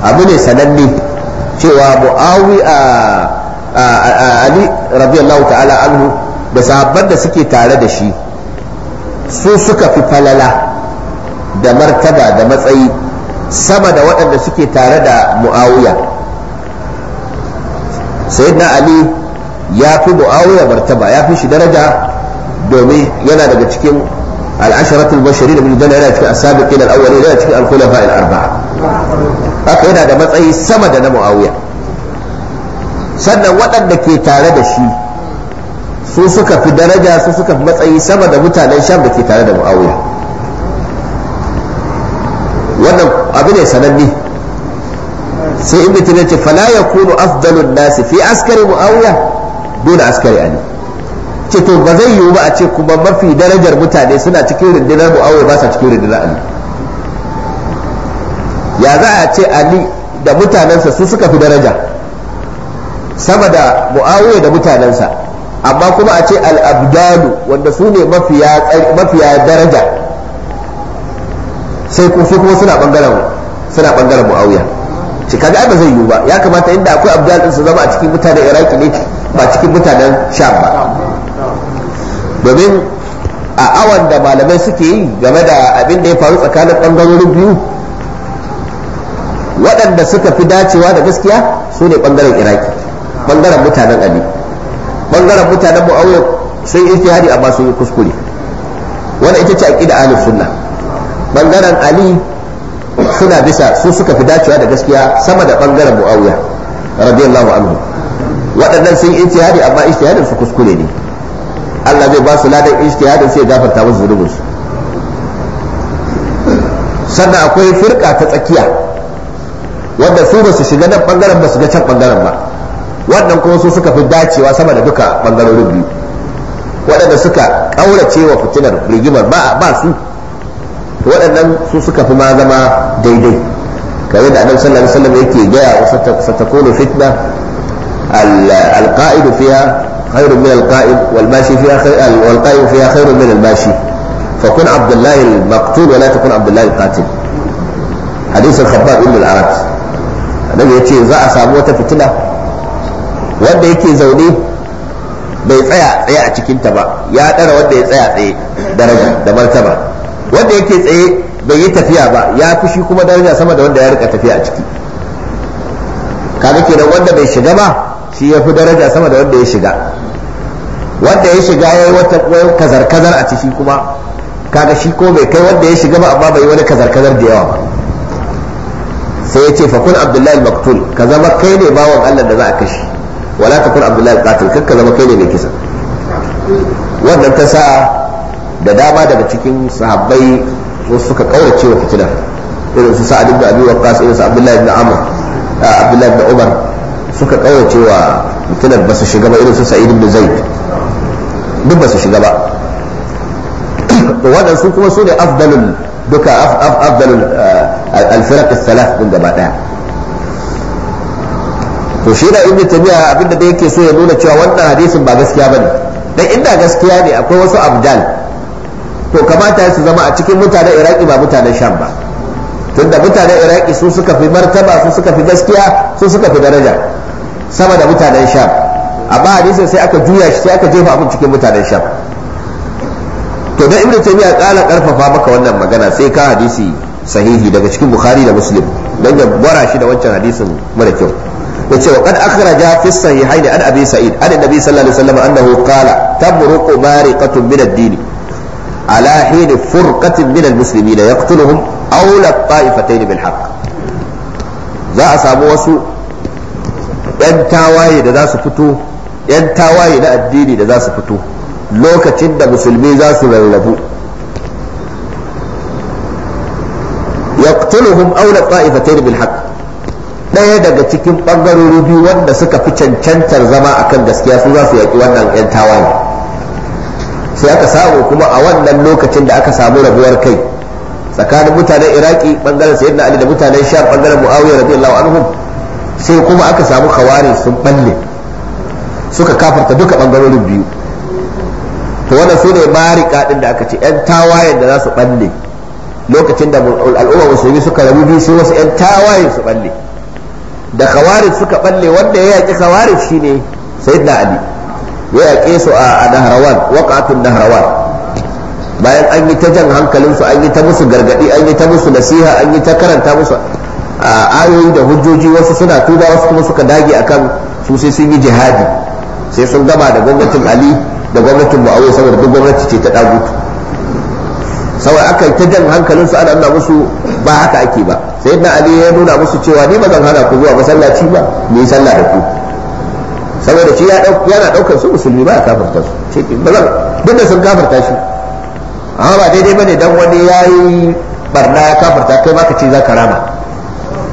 abu ne sananne cewa muawiya ali radiyallahu ta'ala anhu da sahabban da suke tare da shi su suka fi falala da martaba da matsayi sama da waɗanda suke tare da mu'awiya sayyidina ali ya fi mu'awiya martaba ya fi shi daraja domin yana daga cikin al'asharatul bashari da mulkin yana cikin asabiqin al-awwalin yana cikin al-khulafa al-arba'a haka yana da matsayi sama da na mu'awiya sannan waɗanda ke tare da shi su suka fi daraja su suka fi matsayi sama da mutanen sham da ke tare da muawiya wannan abu ne sananne sai ibn taymiyyah ce fala yakunu afdalun nasi fi askari muawiya dole askari ali ce to ba zai yiwu ba a ce kuma mafi darajar mutane suna cikin rundunar muawiya ba sa cikin rundunar ali ya za a ce ali da mutanensa su suka fi daraja sama da muawiya da mutanensa amma kuma a ce al'abdalu wanda su ne mafiya daraja sai su kuma suna bangaren suna bangaren muawiya ce kaga ai ba zai yiwu ba ya kamata inda akwai abdal din su zama a cikin mutanen iraki ne ba cikin mutanen sham ba domin a awan da malamai suke yi game da abin da ya faru tsakanin bangarorin biyu waɗanda suka fi dacewa da gaskiya su ne bangaren iraki bangaren mutanen abin bangaren mutanen mu'awiyar sun ijtihadi amma sun yi kuskure wannan ita ce aqida ahlus sunna bangaren ali suna bisa su suka fi dacewa da gaskiya sama da bangaren mu'awiya radiyallahu anhu waɗannan sun ijtihadi amma ijtihadin su kuskure ne Allah zai ba su ladan ijtihadin sai ya gafarta musu su sannan akwai firka ta tsakiya wanda su ba su shiga nan bangaren ba su ga can bangaren ba wannan kuma su suka fi dacewa sama da duka bangarorin biyu waɗanda suka ƙaurace wa fitinar rigimar ba su waɗannan su suka fi ma zama daidai kamar da annabi sallallahu alaihi wasallam yake gaya wa satakunu fitna al-qa'idu fiha خير من القائد والماشي فيها خير والقائد فيها خير من الماشي فكن عبد الله المقتول ولا تكن عبد الله القاتل حديث الخباب بن العرات النبي يتي za a samu wata fitina wanda yake zaune bai tsaya tsaye a cikinta ba ya ɗara wanda ya tsaya tsaye daraja da martaba wanda yake tsaye bai yi tafiya ba ya fi shi kuma daraja sama da wanda ya rika tafiya a ciki kaga kenan wanda bai shiga ba shi ya fi daraja sama da wanda ya shiga wanda ya shiga ya yi wata kazar-kazar a ciki kuma kaga shi ko bai kai wanda ya shiga ba amma bai yi wani kazar-kazar da yawa ba sai ya ce fakun abdullahi maktul ka zama kai ne bawan allah da za a kashe wala takun abdullahi qatil kakka zama kai ne mai kisa wannan ta sa da dama daga cikin sahabbai su suka kaurace wa fitinar irin su sa'ad ibn abi waqqas irin su abdullahi ibn amr abdullahi ibn umar suka kaurace wa fitinar ba su shiga ba irin su sa'id ibn zaid duk ba su shiga ba [COUGHS] waɗansu kuma su ne afdalul duka afdalul eh, alfirak salaf din gaba daya to shi da ibnu tabi'a abinda da yake so ya nuna cewa wannan hadisin ba gaskiya bane dan inda gaskiya ne akwai wasu abdal to kamata su zama a cikin mutanen iraki ba mutanen sham ba tunda mutanen iraki su suka fi martaba su suka fi gaskiya su suka fi daraja sama da mutanen sham amma hadisin sai aka juya shi sai aka jefa abin cikin mutanen sham to dan ibnu tabi'a kala karfafa maka wannan magana sai ka hadisi sahihi daga cikin bukhari da muslim dan ya bora shi da wancan hadisin mara kyau yace wa qad akhraja fi sahihaini an abi sa'id an annabi sallallahu alaihi wasallam annahu qala tabruqu bariqatun min ad-din ala hin furqatin min al-muslimin yaqtuluhum awla ta'ifatayn bil haqq za a samu wasu yan tawaye da za su fito yan tawaye na addini da za su fito lokacin da musulmi za su rarrabu yaqtuluhum awla ta'ifatayn bil haqq ɗaya daga cikin ɓangarori biyu wanda suka fi cancantar zama akan gaskiya su za su yaƙi wannan 'yan tawaye sai aka samu kuma a wannan lokacin da aka samu rabuwar kai tsakanin mutanen iraki ɓangaren sayyidina ali da mutanen sha ɓangaren muawiya radiyallahu anhu sai kuma aka samu kawari sun balle suka kafarta duka ɓangarorin biyu to wannan su ne marika ɗin da aka ce 'yan tawayen da za su balle lokacin da al'ummar musulmi suka rabu biyu sai wasu 'yan tawaye su balle da khawarij suka balle wanda ya yaki khawarij shine sayyidina ali ya yake su a nahrawan waqatun nahrawan bayan an yi ta jan su an yi ta musu gargadi an yi ta musu nasiha an yi ta karanta musu a ayoyi da hujjoji wasu suna tuba wasu kuma suka dage akan su sai sun yi jihadi sai sun gama da gwamnatin ali da gwamnatin muawiya saboda duk gwamnati ce ta dagutu sau aka yi ta jan hankalinsu ana nuna musu ba haka ake ba sai na ali ya nuna musu cewa ni ba zan hana ku zuwa masallaci ba ni sallah da ku saboda shi yana daukar su musulmi ba ya kafarta zan duk da sun kafarta shi amma ba daidai bane dan wani yayi barna ya kafarta kai ka ce za ka rama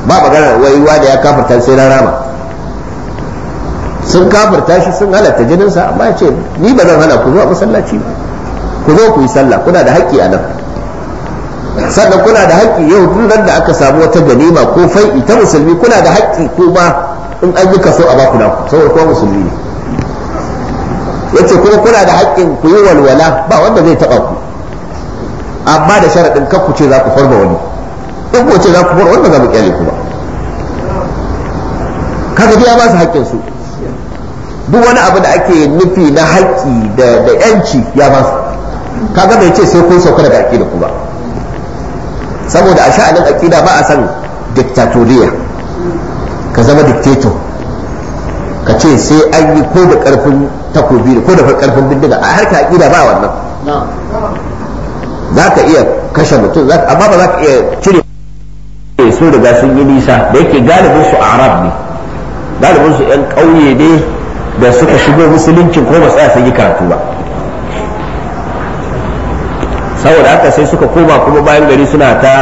ba magana wai wani ya kafarta sai na rama sun kafarta shi sun halatta jininsa amma ya ce ni ba zan hana ku zuwa masallaci ku zo ku yi sallah kuna da haƙƙi a nan sannan kuna da haƙƙi yau duk nan da aka samu wata ganima ko fai'i ta musulmi kuna da haƙƙi ko ba in an yi kaso a baku naku saboda kuma musulmi ne yace kuma kuna da haƙƙin ku yi walwala ba wanda zai taɓa ku amma da sharaɗin kan ku ce za ku farma wani in ku ce za ku farma wanda za mu kyale ku ba kaga ya ba su haƙƙin su duk wani abu da ake nufi na haƙƙi da yanci ya ba su kaga bai ce sai kun sauka daga aƙida ku ba saboda a sha'anin aƙida ba a san diktatoriya ka zama diktator ka ce sai an yi ko da karfin takobi ko da karfin bindiga a harka aƙida ba wannan za ka iya kashe mutum amma ba za ka iya cire sun riga sun yi nisa da yake galibin su arab ne galibin su yan ƙauye ne da suka shigo musuluncin ko ba su yi karatu ba saboda haka sai suka koma kuma bayan gari suna ta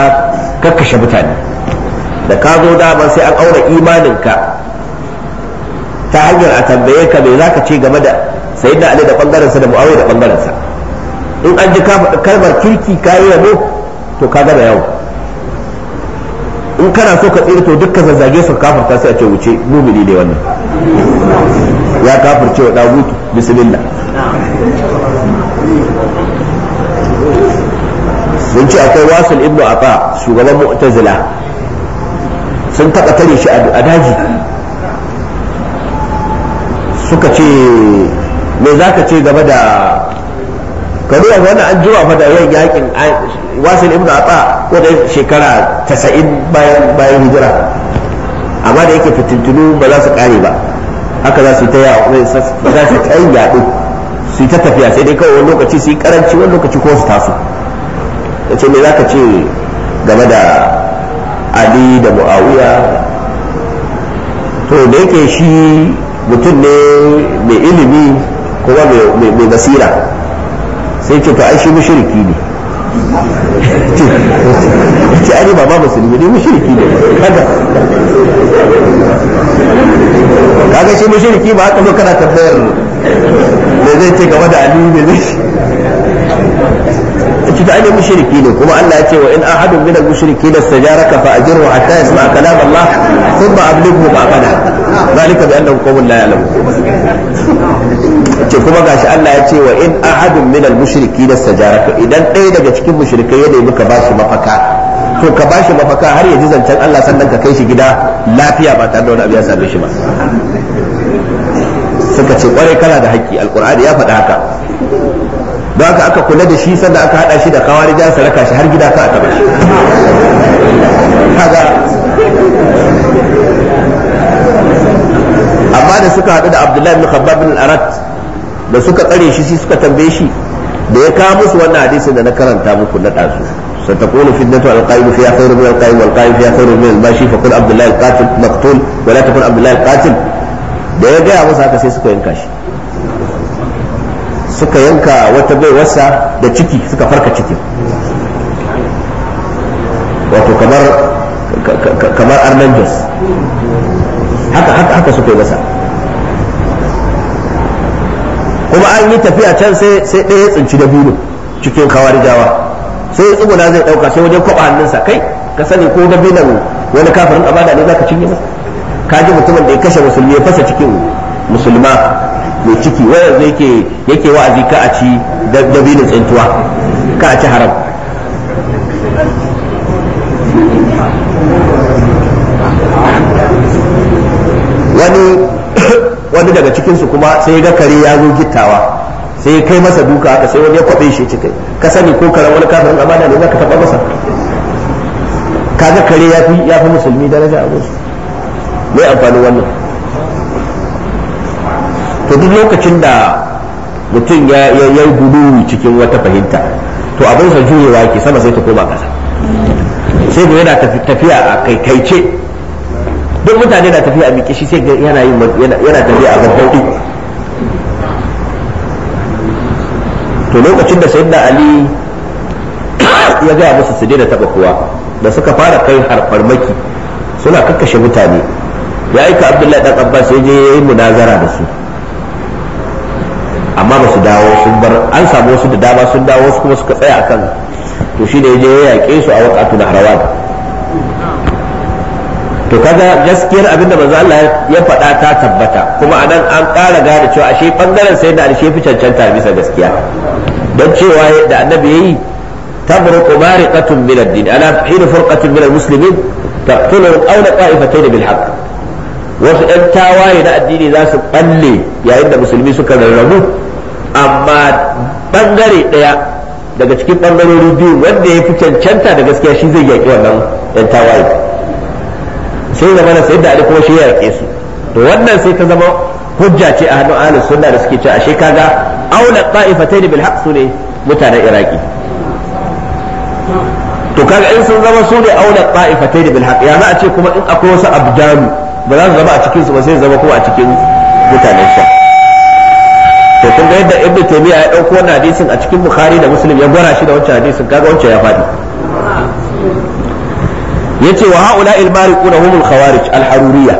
kakkashe mutane da ka zo daman sai an aure imaninka ta hanyar a tambaye ka me zaka ce game da sayyidina ali da sa da muawiya da sa in an ji ka faɗi kalmar kirki ka yi rabo to ka gaba yawo in kana so ka tsira to dukkan zazzage su kafarta sai a ce wuce mumini ne wannan ya kafirce wa dagutu bismillah mun ce akwai wasil ibnu aqa shugaban mu'tazila sun taɓa tare shi a daji suka ce me za ka ce game da kaduwa wani an jima fa da yan yakin wasil ibnu aqa ko da shekara 90 bayan bayan hijira amma da yake fitintunu ba za su kare ba haka za su ta yawo za su ta yi yaɗo su ta tafiya sai dai kawai wani lokaci su yi karanci wani lokaci ko su taso ya ce me zaka ce game da ali da mu'awiya to da yake shi mutum ne mai ilimi kuma mai basira sai ce to ai shi mushriki ne ce ai ba ma musulmi ne mushriki ne kada kaga shi mushriki ba haka kana tabbayar me zai ce game da ali me zai shi fa ne mushriki ne kuma Allah ya ce wa in ahadun min al-mushrikeen istajaraka fa ajirhu hatta yasma kalam Allah thumma ablighu ma'qala zalika bi annahu qawmun la ya'lamun ce kuma gashi Allah ya ce wa in ahadun min al-mushrikeen istajaraka idan ɗaya daga cikin mushrikai ya nemi ka bashi mafaka to ka bashi mafaka har ya ji zancen Allah sannan ka kai shi gida lafiya ba tare da wani abu ya same shi ba suka ce kwarai kana da haƙƙi alqur'ani ya faɗa haka don haka aka kula da shi sanda aka hada shi da kawari jan saraka shi har gida ka aka bashi kaga amma da suka hadu da abdullahi bin khabbab bin arat da suka tsare shi sai suka tambaye shi da ya kawo musu wannan hadisin da na karanta muku na ɗazu ستكون فتنة القائم فيها خير من القائم والقائم فيها خير من الماشي فقل عبد الله القاتل مقتول ولا تكن عبد الله القاتل da ya gaya masa haka sai suka yanka shi suka yanka wata baiwarsa da ciki suka farka ciki wato kamar kamar armanjos haka haka haka suka yi masa kuma an yi tafiya can sai sai ya tsinci da biyu cikin kawarijawa sai ya tsuguna zai ɗauka sai wajen kwaba hannunsa kai ka sani ko da binan wani kafirin abada ne zaka cinye masa ka ji mutumin da ya kashe musulmi ya fasa cikin musulma mai ciki wayar zai ke yake wa'azi ka a ci dabinin tsintuwa ka a ci haram wani [COUGHS] wani daga cikinsu kuma sai ga kare ya zo gittawa sai kai masa duka haka sai wani ya kwabe shi cika ka sani ko karan wani kafin amana ne ka taba masa kaga kare ya fi musulmi daraja a gusu mai amfani wannan to duk lokacin da mutum ya yi gudu cikin wata fahimta to abin sa juyewa ke sama sai ta koma ƙasa sai da yana tafiya a kaikaice duk mutane na tafiya a miƙe shi sai ga yana yana tafiya a gaggauɗi to lokacin da sayyidina ali [COUGHS] ya gaya musu su daina taɓa kowa da suka fara kai har farmaki suna kakkashe mutane ya aika abdullahi dan abbas sai je yayi munazara da su amma ba su dawo sun bar an samu wasu da dama sun dawo wasu kuma suka tsaya akan to shi ne ya yaƙe su a waƙatu na harawan to kaga gaskiyar abinda manzo Allah ya faɗa ta tabbata kuma a nan an ƙara gane cewa ashe bangaren sai da alshe fi cancanta bisa gaskiya don cewa da annabi yayi تبرق بارقة من الدين ألا حين فرقة من المسلمين تقتلهم أو طائفتين بالحق wasu ‘yan tawaye na addini za su ɓalle yayin da musulmi suka rarrabu amma bangare daya daga cikin bangarori biyu wanda ya fi cancanta da gaskiya shi zai yaƙi wannan yan tawaye sai zama na da ali kuma shi ya yaƙe su to wannan sai ta zama hujja ce a hannun ahlus sunna da suke cewa ashe kaga aula qa'ifatayn bil haqq ne mutanen iraki to kaga in sun zama su ne aula qa'ifatayn bil haqq ya za a ce kuma in akwai wasu abdanu ba za su zama a cikin su ba sai zama kuma a cikin mutanen sha to kun ga yadda ibnu taymiya ya dauko wannan hadisin a cikin bukhari da muslim ya gwara shi da wancan hadisin kaga wancan ya fadi yace wa haula al bariquna humul khawarij al haruriyya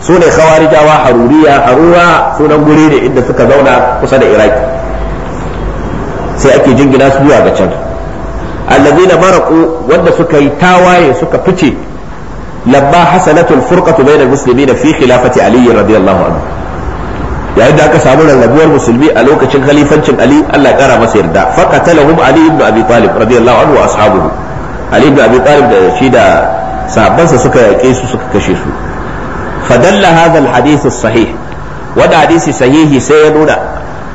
su ne khawarijawa haruriya harura sunan guri ne inda suka zauna kusa da iraq sai ake jingina su zuwa ga can allazina baraku wanda suka yi tawaye suka fice lamma hasanatul furqatu bainal muslimina fi khilafati aliyu radiyallahu anhu yayin da aka samu rarrabuwar musulmi a lokacin khalifancin ali Allah ya kara masa yarda faqatalahum ali ibn abi talib radiyallahu anhu wa ashabuhu ali ibn abi talib da shi da sahabbansa suka yaƙe su suka kashe su fadalla hadha alhadith as-sahih wanda hadisi sahihi sai ya nuna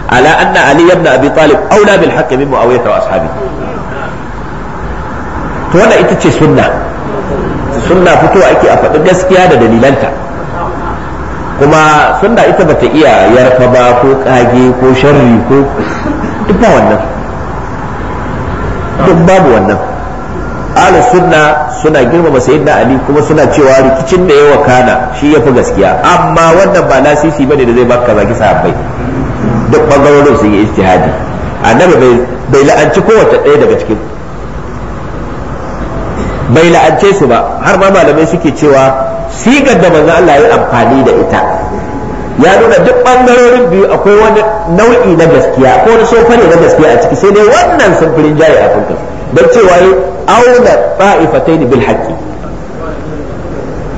ala anna ali ibn abi talib aula bil haqq min muawiyah wa ashabi to wannan ita ce sunna sunna fito ake a faɗi gaskiya da dalilanta kuma da ita bata iya yarfa ba ko kage ko sharri ko duk ba wannan duk babu wannan ala sunna suna girmama sayyidina ali kuma suna cewa rikicin da yawa kana shi yafi gaskiya amma wannan ba lasisi bane da zai baka zaki sahabbai duk bangarorin sun yi ijtihadi annabi bai bai la'anci kowace ɗaya daga cikin bai la'ance su ba har ma malamai suke cewa sigar da manzo Allah ya amfani da ita ya nuna duk ɓangarorin biyu akwai wani nau'i na gaskiya ko wani sofa na gaskiya a ciki sai dai wannan samfurin jari a kanka don cewa yi auna ta'ifatain bil bilhaki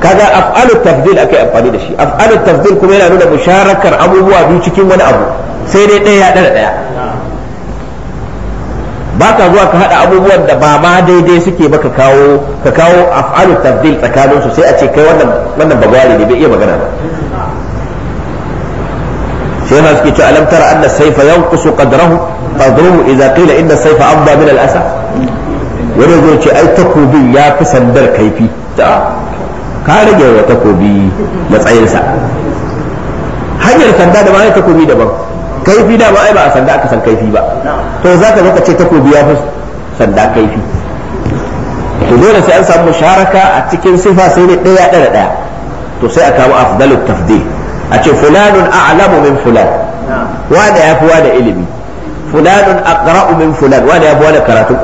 kaga af'alu tafdil akai amfani da shi af'alu tafdil kuma yana nuna musharakar abubuwa biyu cikin wani abu sai dai ɗaya ya ɗaya ba ka zuwa ka haɗa abubuwan da ba ma daidai suke ba ka kawo ka kawo af'alu tabdil tsakanin su sai a ce kai wannan wannan bagwari ne bai iya magana ba sai yana suke cewa alam tara anna sayfa yanqusu qadrahu qadruhu idza qila inna sayfa abda min al-asa wani zo ce ai takobin ya fi sandar kaifi ta ka rage wa takobi matsayinsa hanyar sanda da ma takobi daban kaifi da ma ai ba a sanda aka san kaifi ba to za ka zaka ce takobi ya fi sanda kaifi to dole sai an samu musharaka a cikin sifa sai ne daya daya daya to sai a kawo afdalut tafdil a ce fulanun a'lamu min fulan wanda ya fi wanda ilimi fulanun aqra'u min fulan wanda ya fi wanda karatu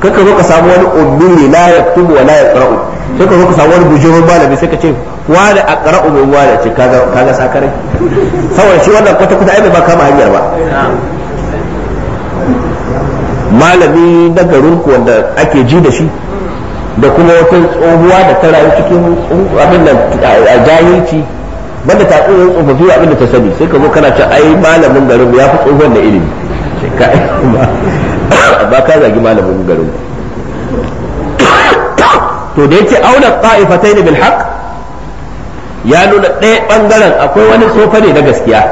kaka zo ka samu wani ummiri la yaktubu wa la yaqra'u sai ka zo ka samu wani bujurin malami sai ka ce wani a ƙara umin wani ce kaga sakare saboda shi wannan kwata kwata ai bai kama hanyar ba malami na garin ku wanda ake ji da shi da kuma wata tsohuwa da ta rayu cikin abin da a jahilci banda ta tsohuwa tsofaffi abin da ta sani sai ka zo kana ce ai malamin garin ya fi tsohuwan da ilimi ba ka zagi malamin garin to da yake auna ta'ifatai bil bilhak. ya nuna ɗaya ɓangaren akwai wani tsofa ne na gaskiya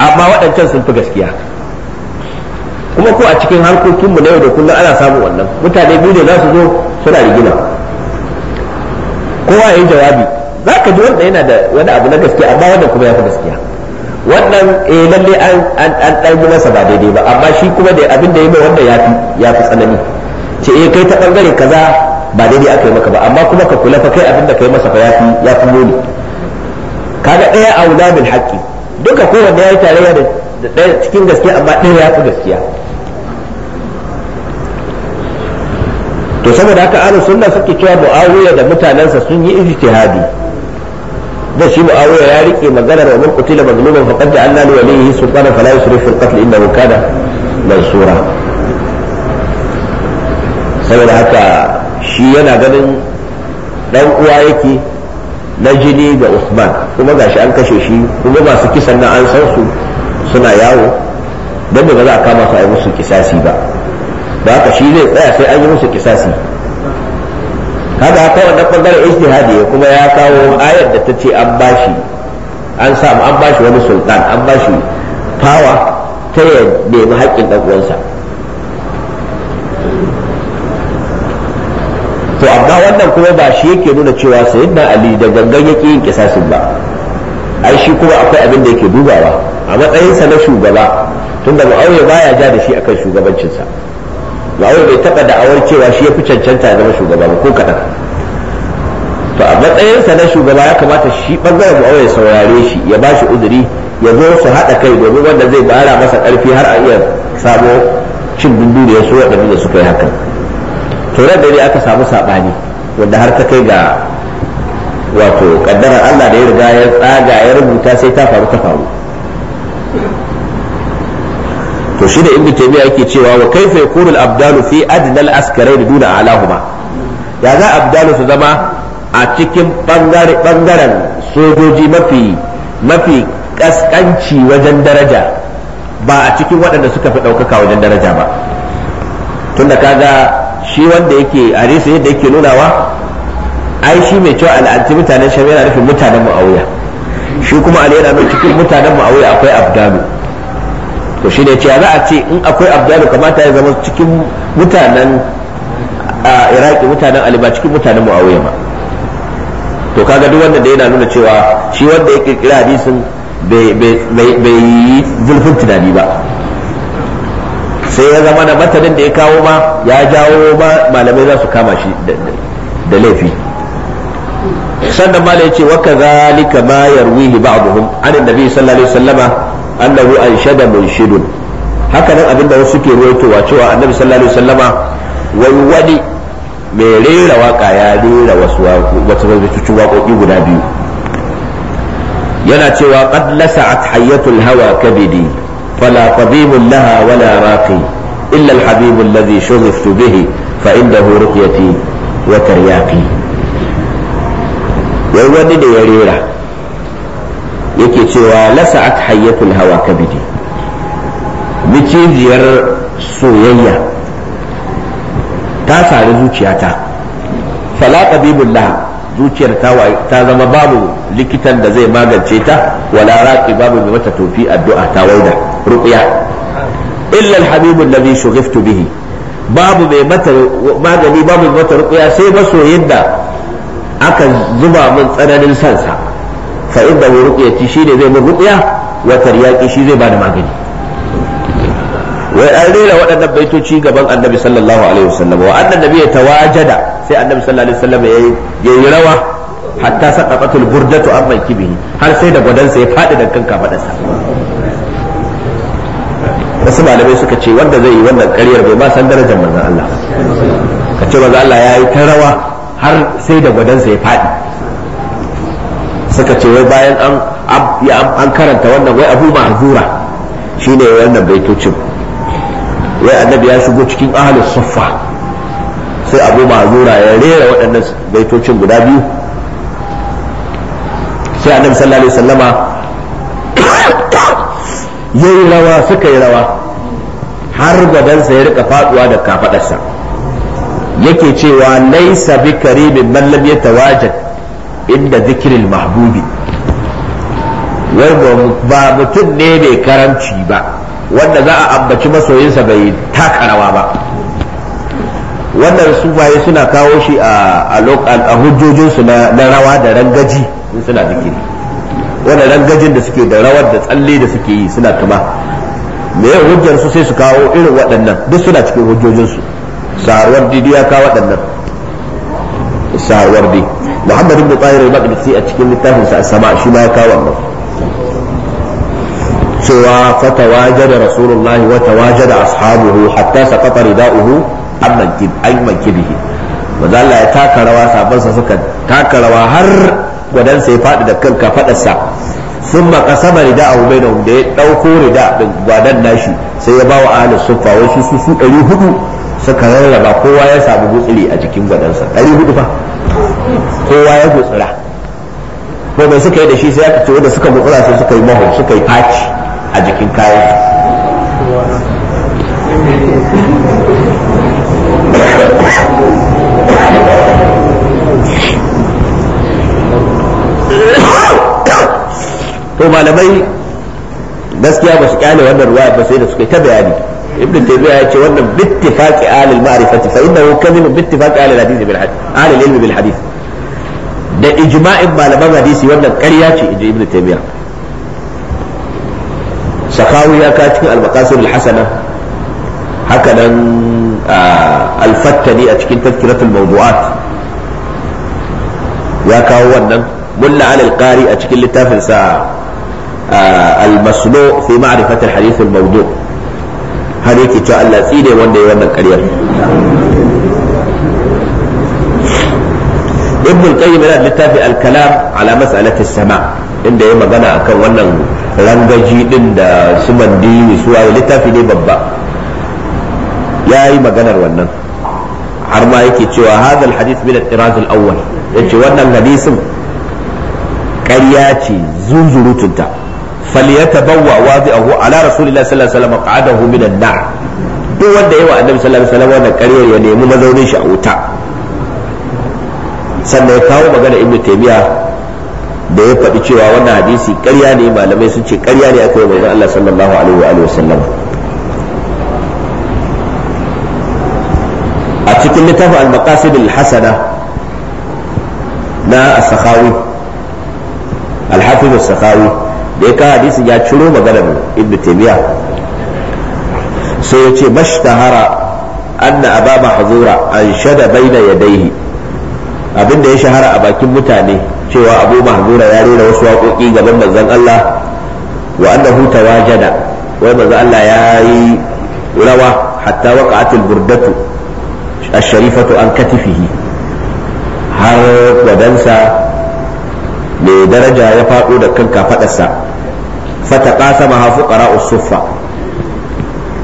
amma waɗancan sun fi gaskiya kuma ko a cikin harkokinmu na yau da kullum ana samun wannan mutane biyu ne za su zo suna rigima kowa ya yi jawabi za ka ji wanda yana da wani abu na gaskiya amma wanda kuma ya fi gaskiya wannan eh lalle an an dan yi masa ba daidai ba amma shi kuma da abin da ya mai wanda ya fi ya fi tsanani ce eh kai ta bangare kaza ba daidai aka yi maka ba amma kuma ka kula fa kai abin da kai masa fa yafi yafi muni kaga daya aula bil haqqi duka kowanne yayi tarayya da daya cikin gaskiya amma ɗaya ya fi gaskiya to saboda haka ahlus sunna suke cewa muawiya da mutanansa sun yi ijtihadi da shi muawiya ya rike maganar wa man qutila mazluman faqad ja'alna li waliyhi sultana fala yusrif fil qatl innahu kana mansura saboda haka shi yana ganin dan uwa yake na jini da Usman kuma gashi an kashe shi kuma masu kisan na an san su suna yawo don ba za a kama su a yi musu kisasi ba ba haka shi zai tsaya sai an yi musu kisasi kaga haka wannan bangaren ijtihadi kuma ya kawo ayar da ta ce an bashi an samu an bashi wani sultan an bashi fawa ta ya nemi haƙƙin ɗan uwansa to amma wannan kuma ba shi yake nuna cewa da ali da gangan yake yin kisasin ba ai shi kuma akwai abin da yake dubawa a matsayinsa na shugaba tunda ba ya ja da shi akan shugabancinsa ma'aure bai taba da'awar cewa shi ya fi cancanta ya zama shugaba ba ko kaɗan to a matsayinsa na shugaba ya kamata shi bangaren mu'awiya saurare shi ya ba shi uzuri ya zo su haɗa kai domin wanda zai bara masa ƙarfi har a iya samo cin dundu da ya so waɗanda suka yi hakan to da aka samu saɓani wanda har ta kai ga wato ƙaddarar Allah da ya riga ya tsaga ya rubuta sai ta faru ta faru to shi da inda ta biya yake cewa wa kai fai abdalu fi adinal askarai da duna alahuma ya za abdalu su zama a cikin ɓangaren sojoji mafi mafi ƙasƙanci wajen daraja ba a cikin waɗanda suka fi ɗaukaka wajen daraja ba tunda kaga shi wanda yake risa yadda yake nunawa ai shi mai cewa al'adun mutanen sham yana nufin mutanen ma'auya shi kuma ali yana nufin cikin mutanen ma'auya akwai abdalu to shi ne ce za a ce in akwai abdalu kamata ya zama cikin mutanen a iraki mutanen ali ba cikin mutanen ma'auya ba to kaga duk wanda da yana nuna cewa shi wanda ya kirkira hadisin bai yi zurfin tunani ba sai ya zama da matanin da ya kawo ma ya jawo ma malamai za su kama shi da laifi sannan ma ya ce wa kadhalika ma yarwihi ba'dhum an annabi sallallahu alaihi wasallama annahu anshada munshidun haka nan abinda wasu ke ruwaitowa cewa annabi sallallahu alaihi wasallama wai wani mai rera waka ya rera wasu wata waƙoƙi guda biyu yana cewa qad lasa'at hayyatul hawa kabidi فلا طبيب لها ولا راقي إلا الحبيب الذي شغفت به فإنه رقيتي وترياقي wani da ya rera yake cewa lasa'at hayyatul hawa kabidi micijiyar soyayya ta sari zuciyata laha zuciyar ta zama babu likitan da zai magance ta wala raki babu mai mata tofi addu'a ta waida ruqya illa habibu nabi alladhi shughiftu bihi babu mai mata magani babu mai mata ruqya sai masoyin da aka zuba min tsananin sansa fa inda ruqyati shi ne zai min ruqya wa taryaki shi zai bada magani wai an rera waɗannan baitoci gaban annabi sallallahu alaihi wasallam wa annan ya tawajada sai annabi sallallahu alaihi wasallam ya yi rawa hatta burdatu amma kibihi har sai da gwadansa ya faɗi da kanka faɗarsa wasu malamai suka ce wanda zai yi wannan karyar bai ba san darajar manzon Allah ka ce manzon Allah ya yi ta rawa har sai da gwadansa ya faɗi suka ce wai bayan an karanta wannan wai abu ma'azura shine wannan baitocin wai annabi ya shigo cikin ahalus suffa sai abu ma'azura ya rera waɗannan baitocin guda biyu sai annabi sallallahu alaihi wasallama yi rawa suka yi rawa har gabansa ya rika faduwa da kafadarsa yake cewa laisa bi karimin man lam inda zikirin mahbubi wai ba mutum ne mai karanci ba wanda za a ambaci masoyinsa bai taka rawa ba wannan sufaye suna kawo shi a hujjojinsu na rawa da rangaji suna zikiri wannan gajin da suke da rawar da tsalle da suke yi suna kama me ya hujjar su sai su kawo irin waɗannan duk suna cikin hujjojin su sarwar didi ya kawo waɗannan sarwar di muhammad ibn tahir al-maqdisi a cikin littafin sa sama shi ma ya kawo wannan cewa fatawajada rasulullah wa tawajada ashabuhu hatta saqata rida'uhu amman kib ay man kibihi manzo Allah ya taka rawa sahabbansa suka taka rawa har gwadansa ya faɗi da kanka kafaɗarsa sun makasama rida a hubai da ya ɗauko rida ɗin gwadan nashi sai ya ba wa ahalin sufa wasu su su ɗari hudu suka rarraba kowa ya samu gutsuri a jikin gwadansa ɗari hudu fa kowa ya gutsura ko mai suka yi da shi sai aka ce wanda suka gutsura sai suka yi mahu suka yi faci a jikin kayan ko malamai gaskiya ba su kyale wannan ruwa ba sai da suka ta bayani ibn taymiya ya ce wannan bittifaqi alil ma'rifati fa innahu kadhib bittifaqi alil hadith bil hadith alil ilmi bil hadith da ijma'in malaman hadisi wannan ƙarya ce inji ibn taymiya sakawi ya ka cikin al-maqasid al-hasana haka nan al-fattani a cikin tazkiratul mawdu'at ya kawo wannan mulla al qari a cikin littafin sa al-maslu fi ma'rifat al-hadith al-mawdu har yake cewa wanda ya wannan ƙaryar ibn al-qayyim yana littafi al-kalam ala mas'alati sama inda ya magana akan wannan rangaji din da su mandini su waye littafi ne babba ya yi maganar wannan har ma yake cewa hadal hadith min al-tiraz al-awwal yace wannan hadisin ƙarya ce zunzurutunta falyatabawwa wadi'ahu ala rasulillahi sallallahu alaihi wasallam qa'adahu minan nar duk wanda yawa annabi sallallahu alaihi wasallam wannan ƙaryar ya nemi mazaunin shi a wuta sannan ya kawo magana ibnu taymiya da ya faɗi cewa wannan hadisi ƙarya ne malamai sun ce ƙarya ne aka yi manzon Allah sallallahu alaihi wa alihi wasallam a cikin littafin al-maqasid al-hasana na as-sakhawi al-hafiz as-sakhawi da ya kawo hadisin ya ciro maganar ibnu taymiya sai ya ce mashtahara anna aba mahzura an shada baina yadayhi abinda ya shahara a bakin mutane cewa abu mahzura ya rera wasu waƙoƙi gaban manzon Allah wa annahu tawajada wai manzon Allah ya yi rawa hatta waka burdatu ash-sharifatu an katifihi har wadansa mai daraja ya faɗo da kan kafaɗarsa fataqasama fuqara us-suffa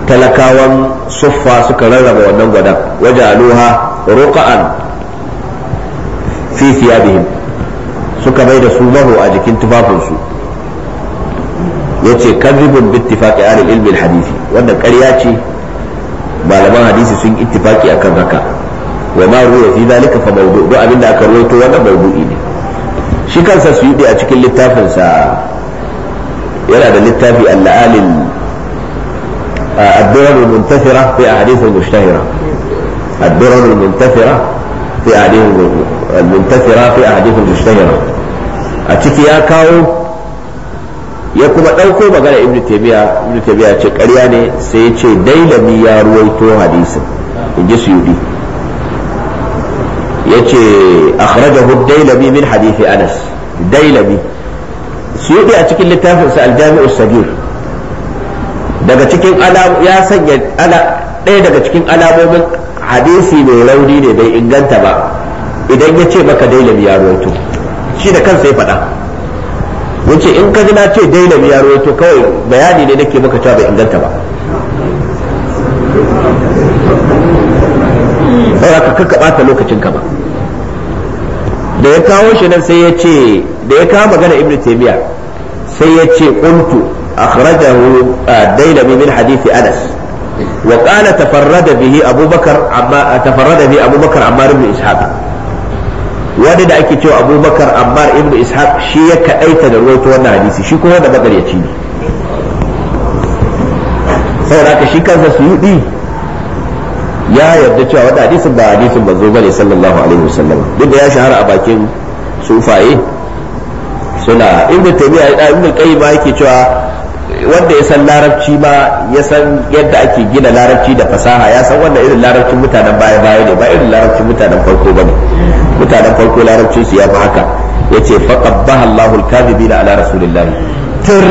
talakawan suffa suka rarraba wannan gwadan wajaluha ruqa'an fi thiyabihim suka bai da su maho a jikin tufafinsu yace kadhibun bi ittifaqi ahli ilmi al-hadisi wannan ƙarya ce malaman hadisi sun ittifaqi akan haka wa ma ruwa fi dalika fa mawdu' abinda aka ruwaito wannan mawdu'i ne shi kansa yi a cikin littafinsa yana da littafi al-la'alil الدرر المنتثرة في أحاديث المشتهرة الدرر المنتثرة في أحاديث المنتثرة في أحاديث المشتهرة أتكي يا كاو ya kuma ɗauko magana ibn taymiya ibn taymiya ce ƙarya ne sai ya ce dailami ya ruwaito hadisin in ji suyudi ya ce akhrajahu dailami min hadithi anas dailami suyuti a cikin littafinsa aljami'u sagir daga cikin ya sanya ala ɗaya daga cikin alamomin hadisi mai rauni ne bai inganta ba idan ya ce maka dailami ya rawaito shi da kansa ya faɗa wuce in ka na ce dailami ya rawaito kawai bayani ne nake maka cewa bai inganta ba saboda ka kakka ɓata ka ba da ya kawo shi nan sai ya ce da ya kawo magana ibnu taymiya sai ya ce qultu akhrajahu dailami min hadisi anas wa qala tafarrada bihi abubakar amma tafarrada bihi abubakar ammar ibn ishaq wanda da ake cewa abubakar ammar ibn ishaq shi ya kadaita da rawaito wannan hadisi shi kuma da bagar ya ci ne saboda ka shi kansa su yi ya yarda cewa wanda hadisin ba hadisin manzo bane sallallahu alaihi wasallam duk da ya shahara a bakin sufaye suna ibnu taymiya ya kai ba yake cewa wanda ya san larabci ba ya san yadda ake gina larabci da fasaha ya san wanda irin larabcin mutanen baya baya ne ba irin larabcin mutanen farko bane mutanen farko larabcin su ya fi haka yace faqabbaha Allahu al-kadhibina ala rasulillah tur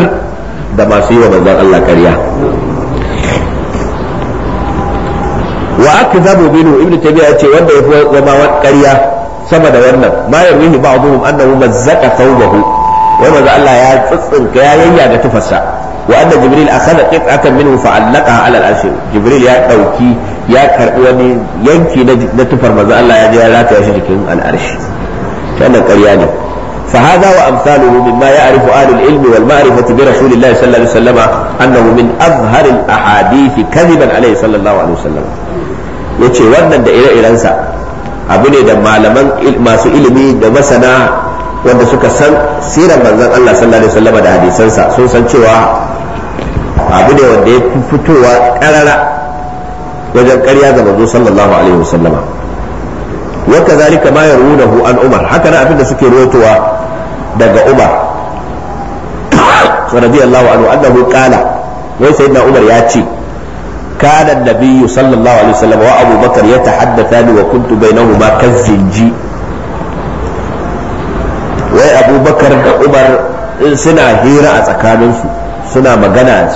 da masu yi wa manzon Allah ƙarya wa akzabu minhu ibnu tabi'a ce wanda yafi zama ƙarya sama da wannan ma yarwihi ba'dhum annahu bahu thawbahu wai maza Allah ya tsitsinka ya yayya ga tufarsa wa anna jibril akhadha qit'atan minhu fa'allaqaha 'ala al jibril ya dauki ya karbi wani yanki na tufar maza Allah ya je ya rataya shi jikin al wannan ƙarya ne فهذا وأمثاله مما يعرف أهل العلم والمعرفة برسول الله صلى الله عليه وسلم أنه من أظهر الأحاديث كذبا عليه صلى الله عليه وسلم yace wannan da ire-irensa abu ne da malaman masu ilimi da masana wanda suka san sirar manzon Allah sallallahu alaihi wasallam da hadisansa sun san cewa abu ne wanda ya fitowa karara wajen ƙarya ga manzo sallallahu alaihi wasallam wa kazalika ma yarunahu an umar haka nan abinda suke ruwaitowa daga umar [COUGHS] radiyallahu anhu annahu qala wai sayyidina umar ya ce kana annabiyyu sallallahu alaihi wasallam wa Abu Bakar yatahaddathani wa kuntu bainahuma kazzinji wai Abu Bakar da Umar suna hira a tsakaninsu suna magana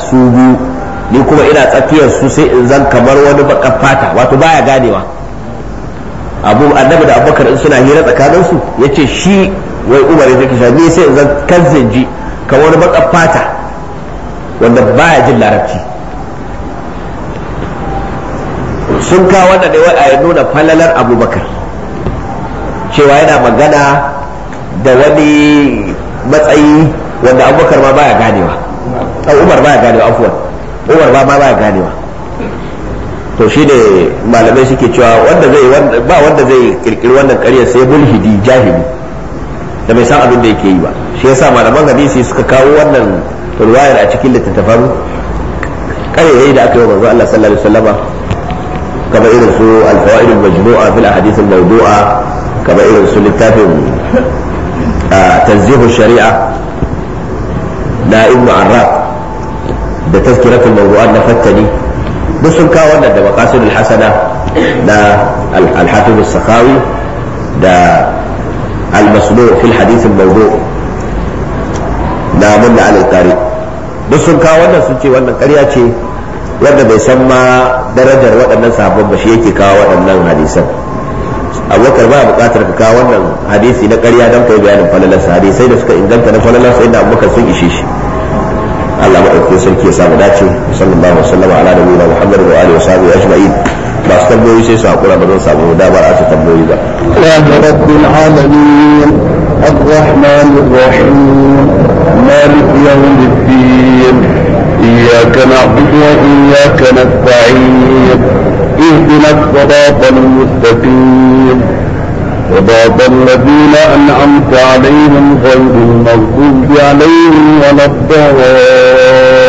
ni kuma ina tsakiyar su sai in zan kamar wani baka fata wato baya ganewa abu annabi da abubakar in suna hira tsakaninsu ya ce shi wai umar ya zaki ni sai in zan kan ji kamar wani baka fata wanda baya jin larabci sun ka wannan ne wai a nuna falalar abubakar cewa yana magana da wani matsayi wanda abubakar ma baya ganewa umar baya ganewa afuwan umar ba ma baya ganewa to shi ne malamai suke cewa wanda zai ba wanda zai kirkiri wannan karyar sai mulhidi jahili da bai san abin da yake yi ba shi yasa malaman hadisi suka kawo wannan turwayar a cikin littattafan karyayi da aka yi wa manzo Allah sallallahu alaihi wasallama kamar irin su alfawaid majmu'a fil ahadith al-mawdu'a kamar irin su littafin tanzihu shari'a na ibnu arraf da tazkiratul mawdu'at na fattani duk sun kawo wannan da maqasidul hasana na al-hafiz da al-masnu' fil sun kawo wannan sun ce wannan ce wanda bai san ma darajar waɗannan sahabban ba shi yake kawo waɗannan hadisan abubakar ba buƙatar ka kawo wannan hadisi na ƙarya don kai bayanin falalarsa hadisai da suka inganta na falalarsa inda abubakar sun ishe shi Allah maɗaukakin sarki ya samu dace sallallahu alaihi sallam ala nabiyina Muhammad wa alihi wa sahbihi ajma'in su tambayoyi sai su hakura ba zan samu damar asa tambayoyi ba ya rabbil alamin الرحمن الرحيم مالك يوم الدين إياك نعبد وإياك نستعين اهدنا الصراط المستقيم صراط الذين أنعمت عليهم غير المغضوب عليهم ولا الضالين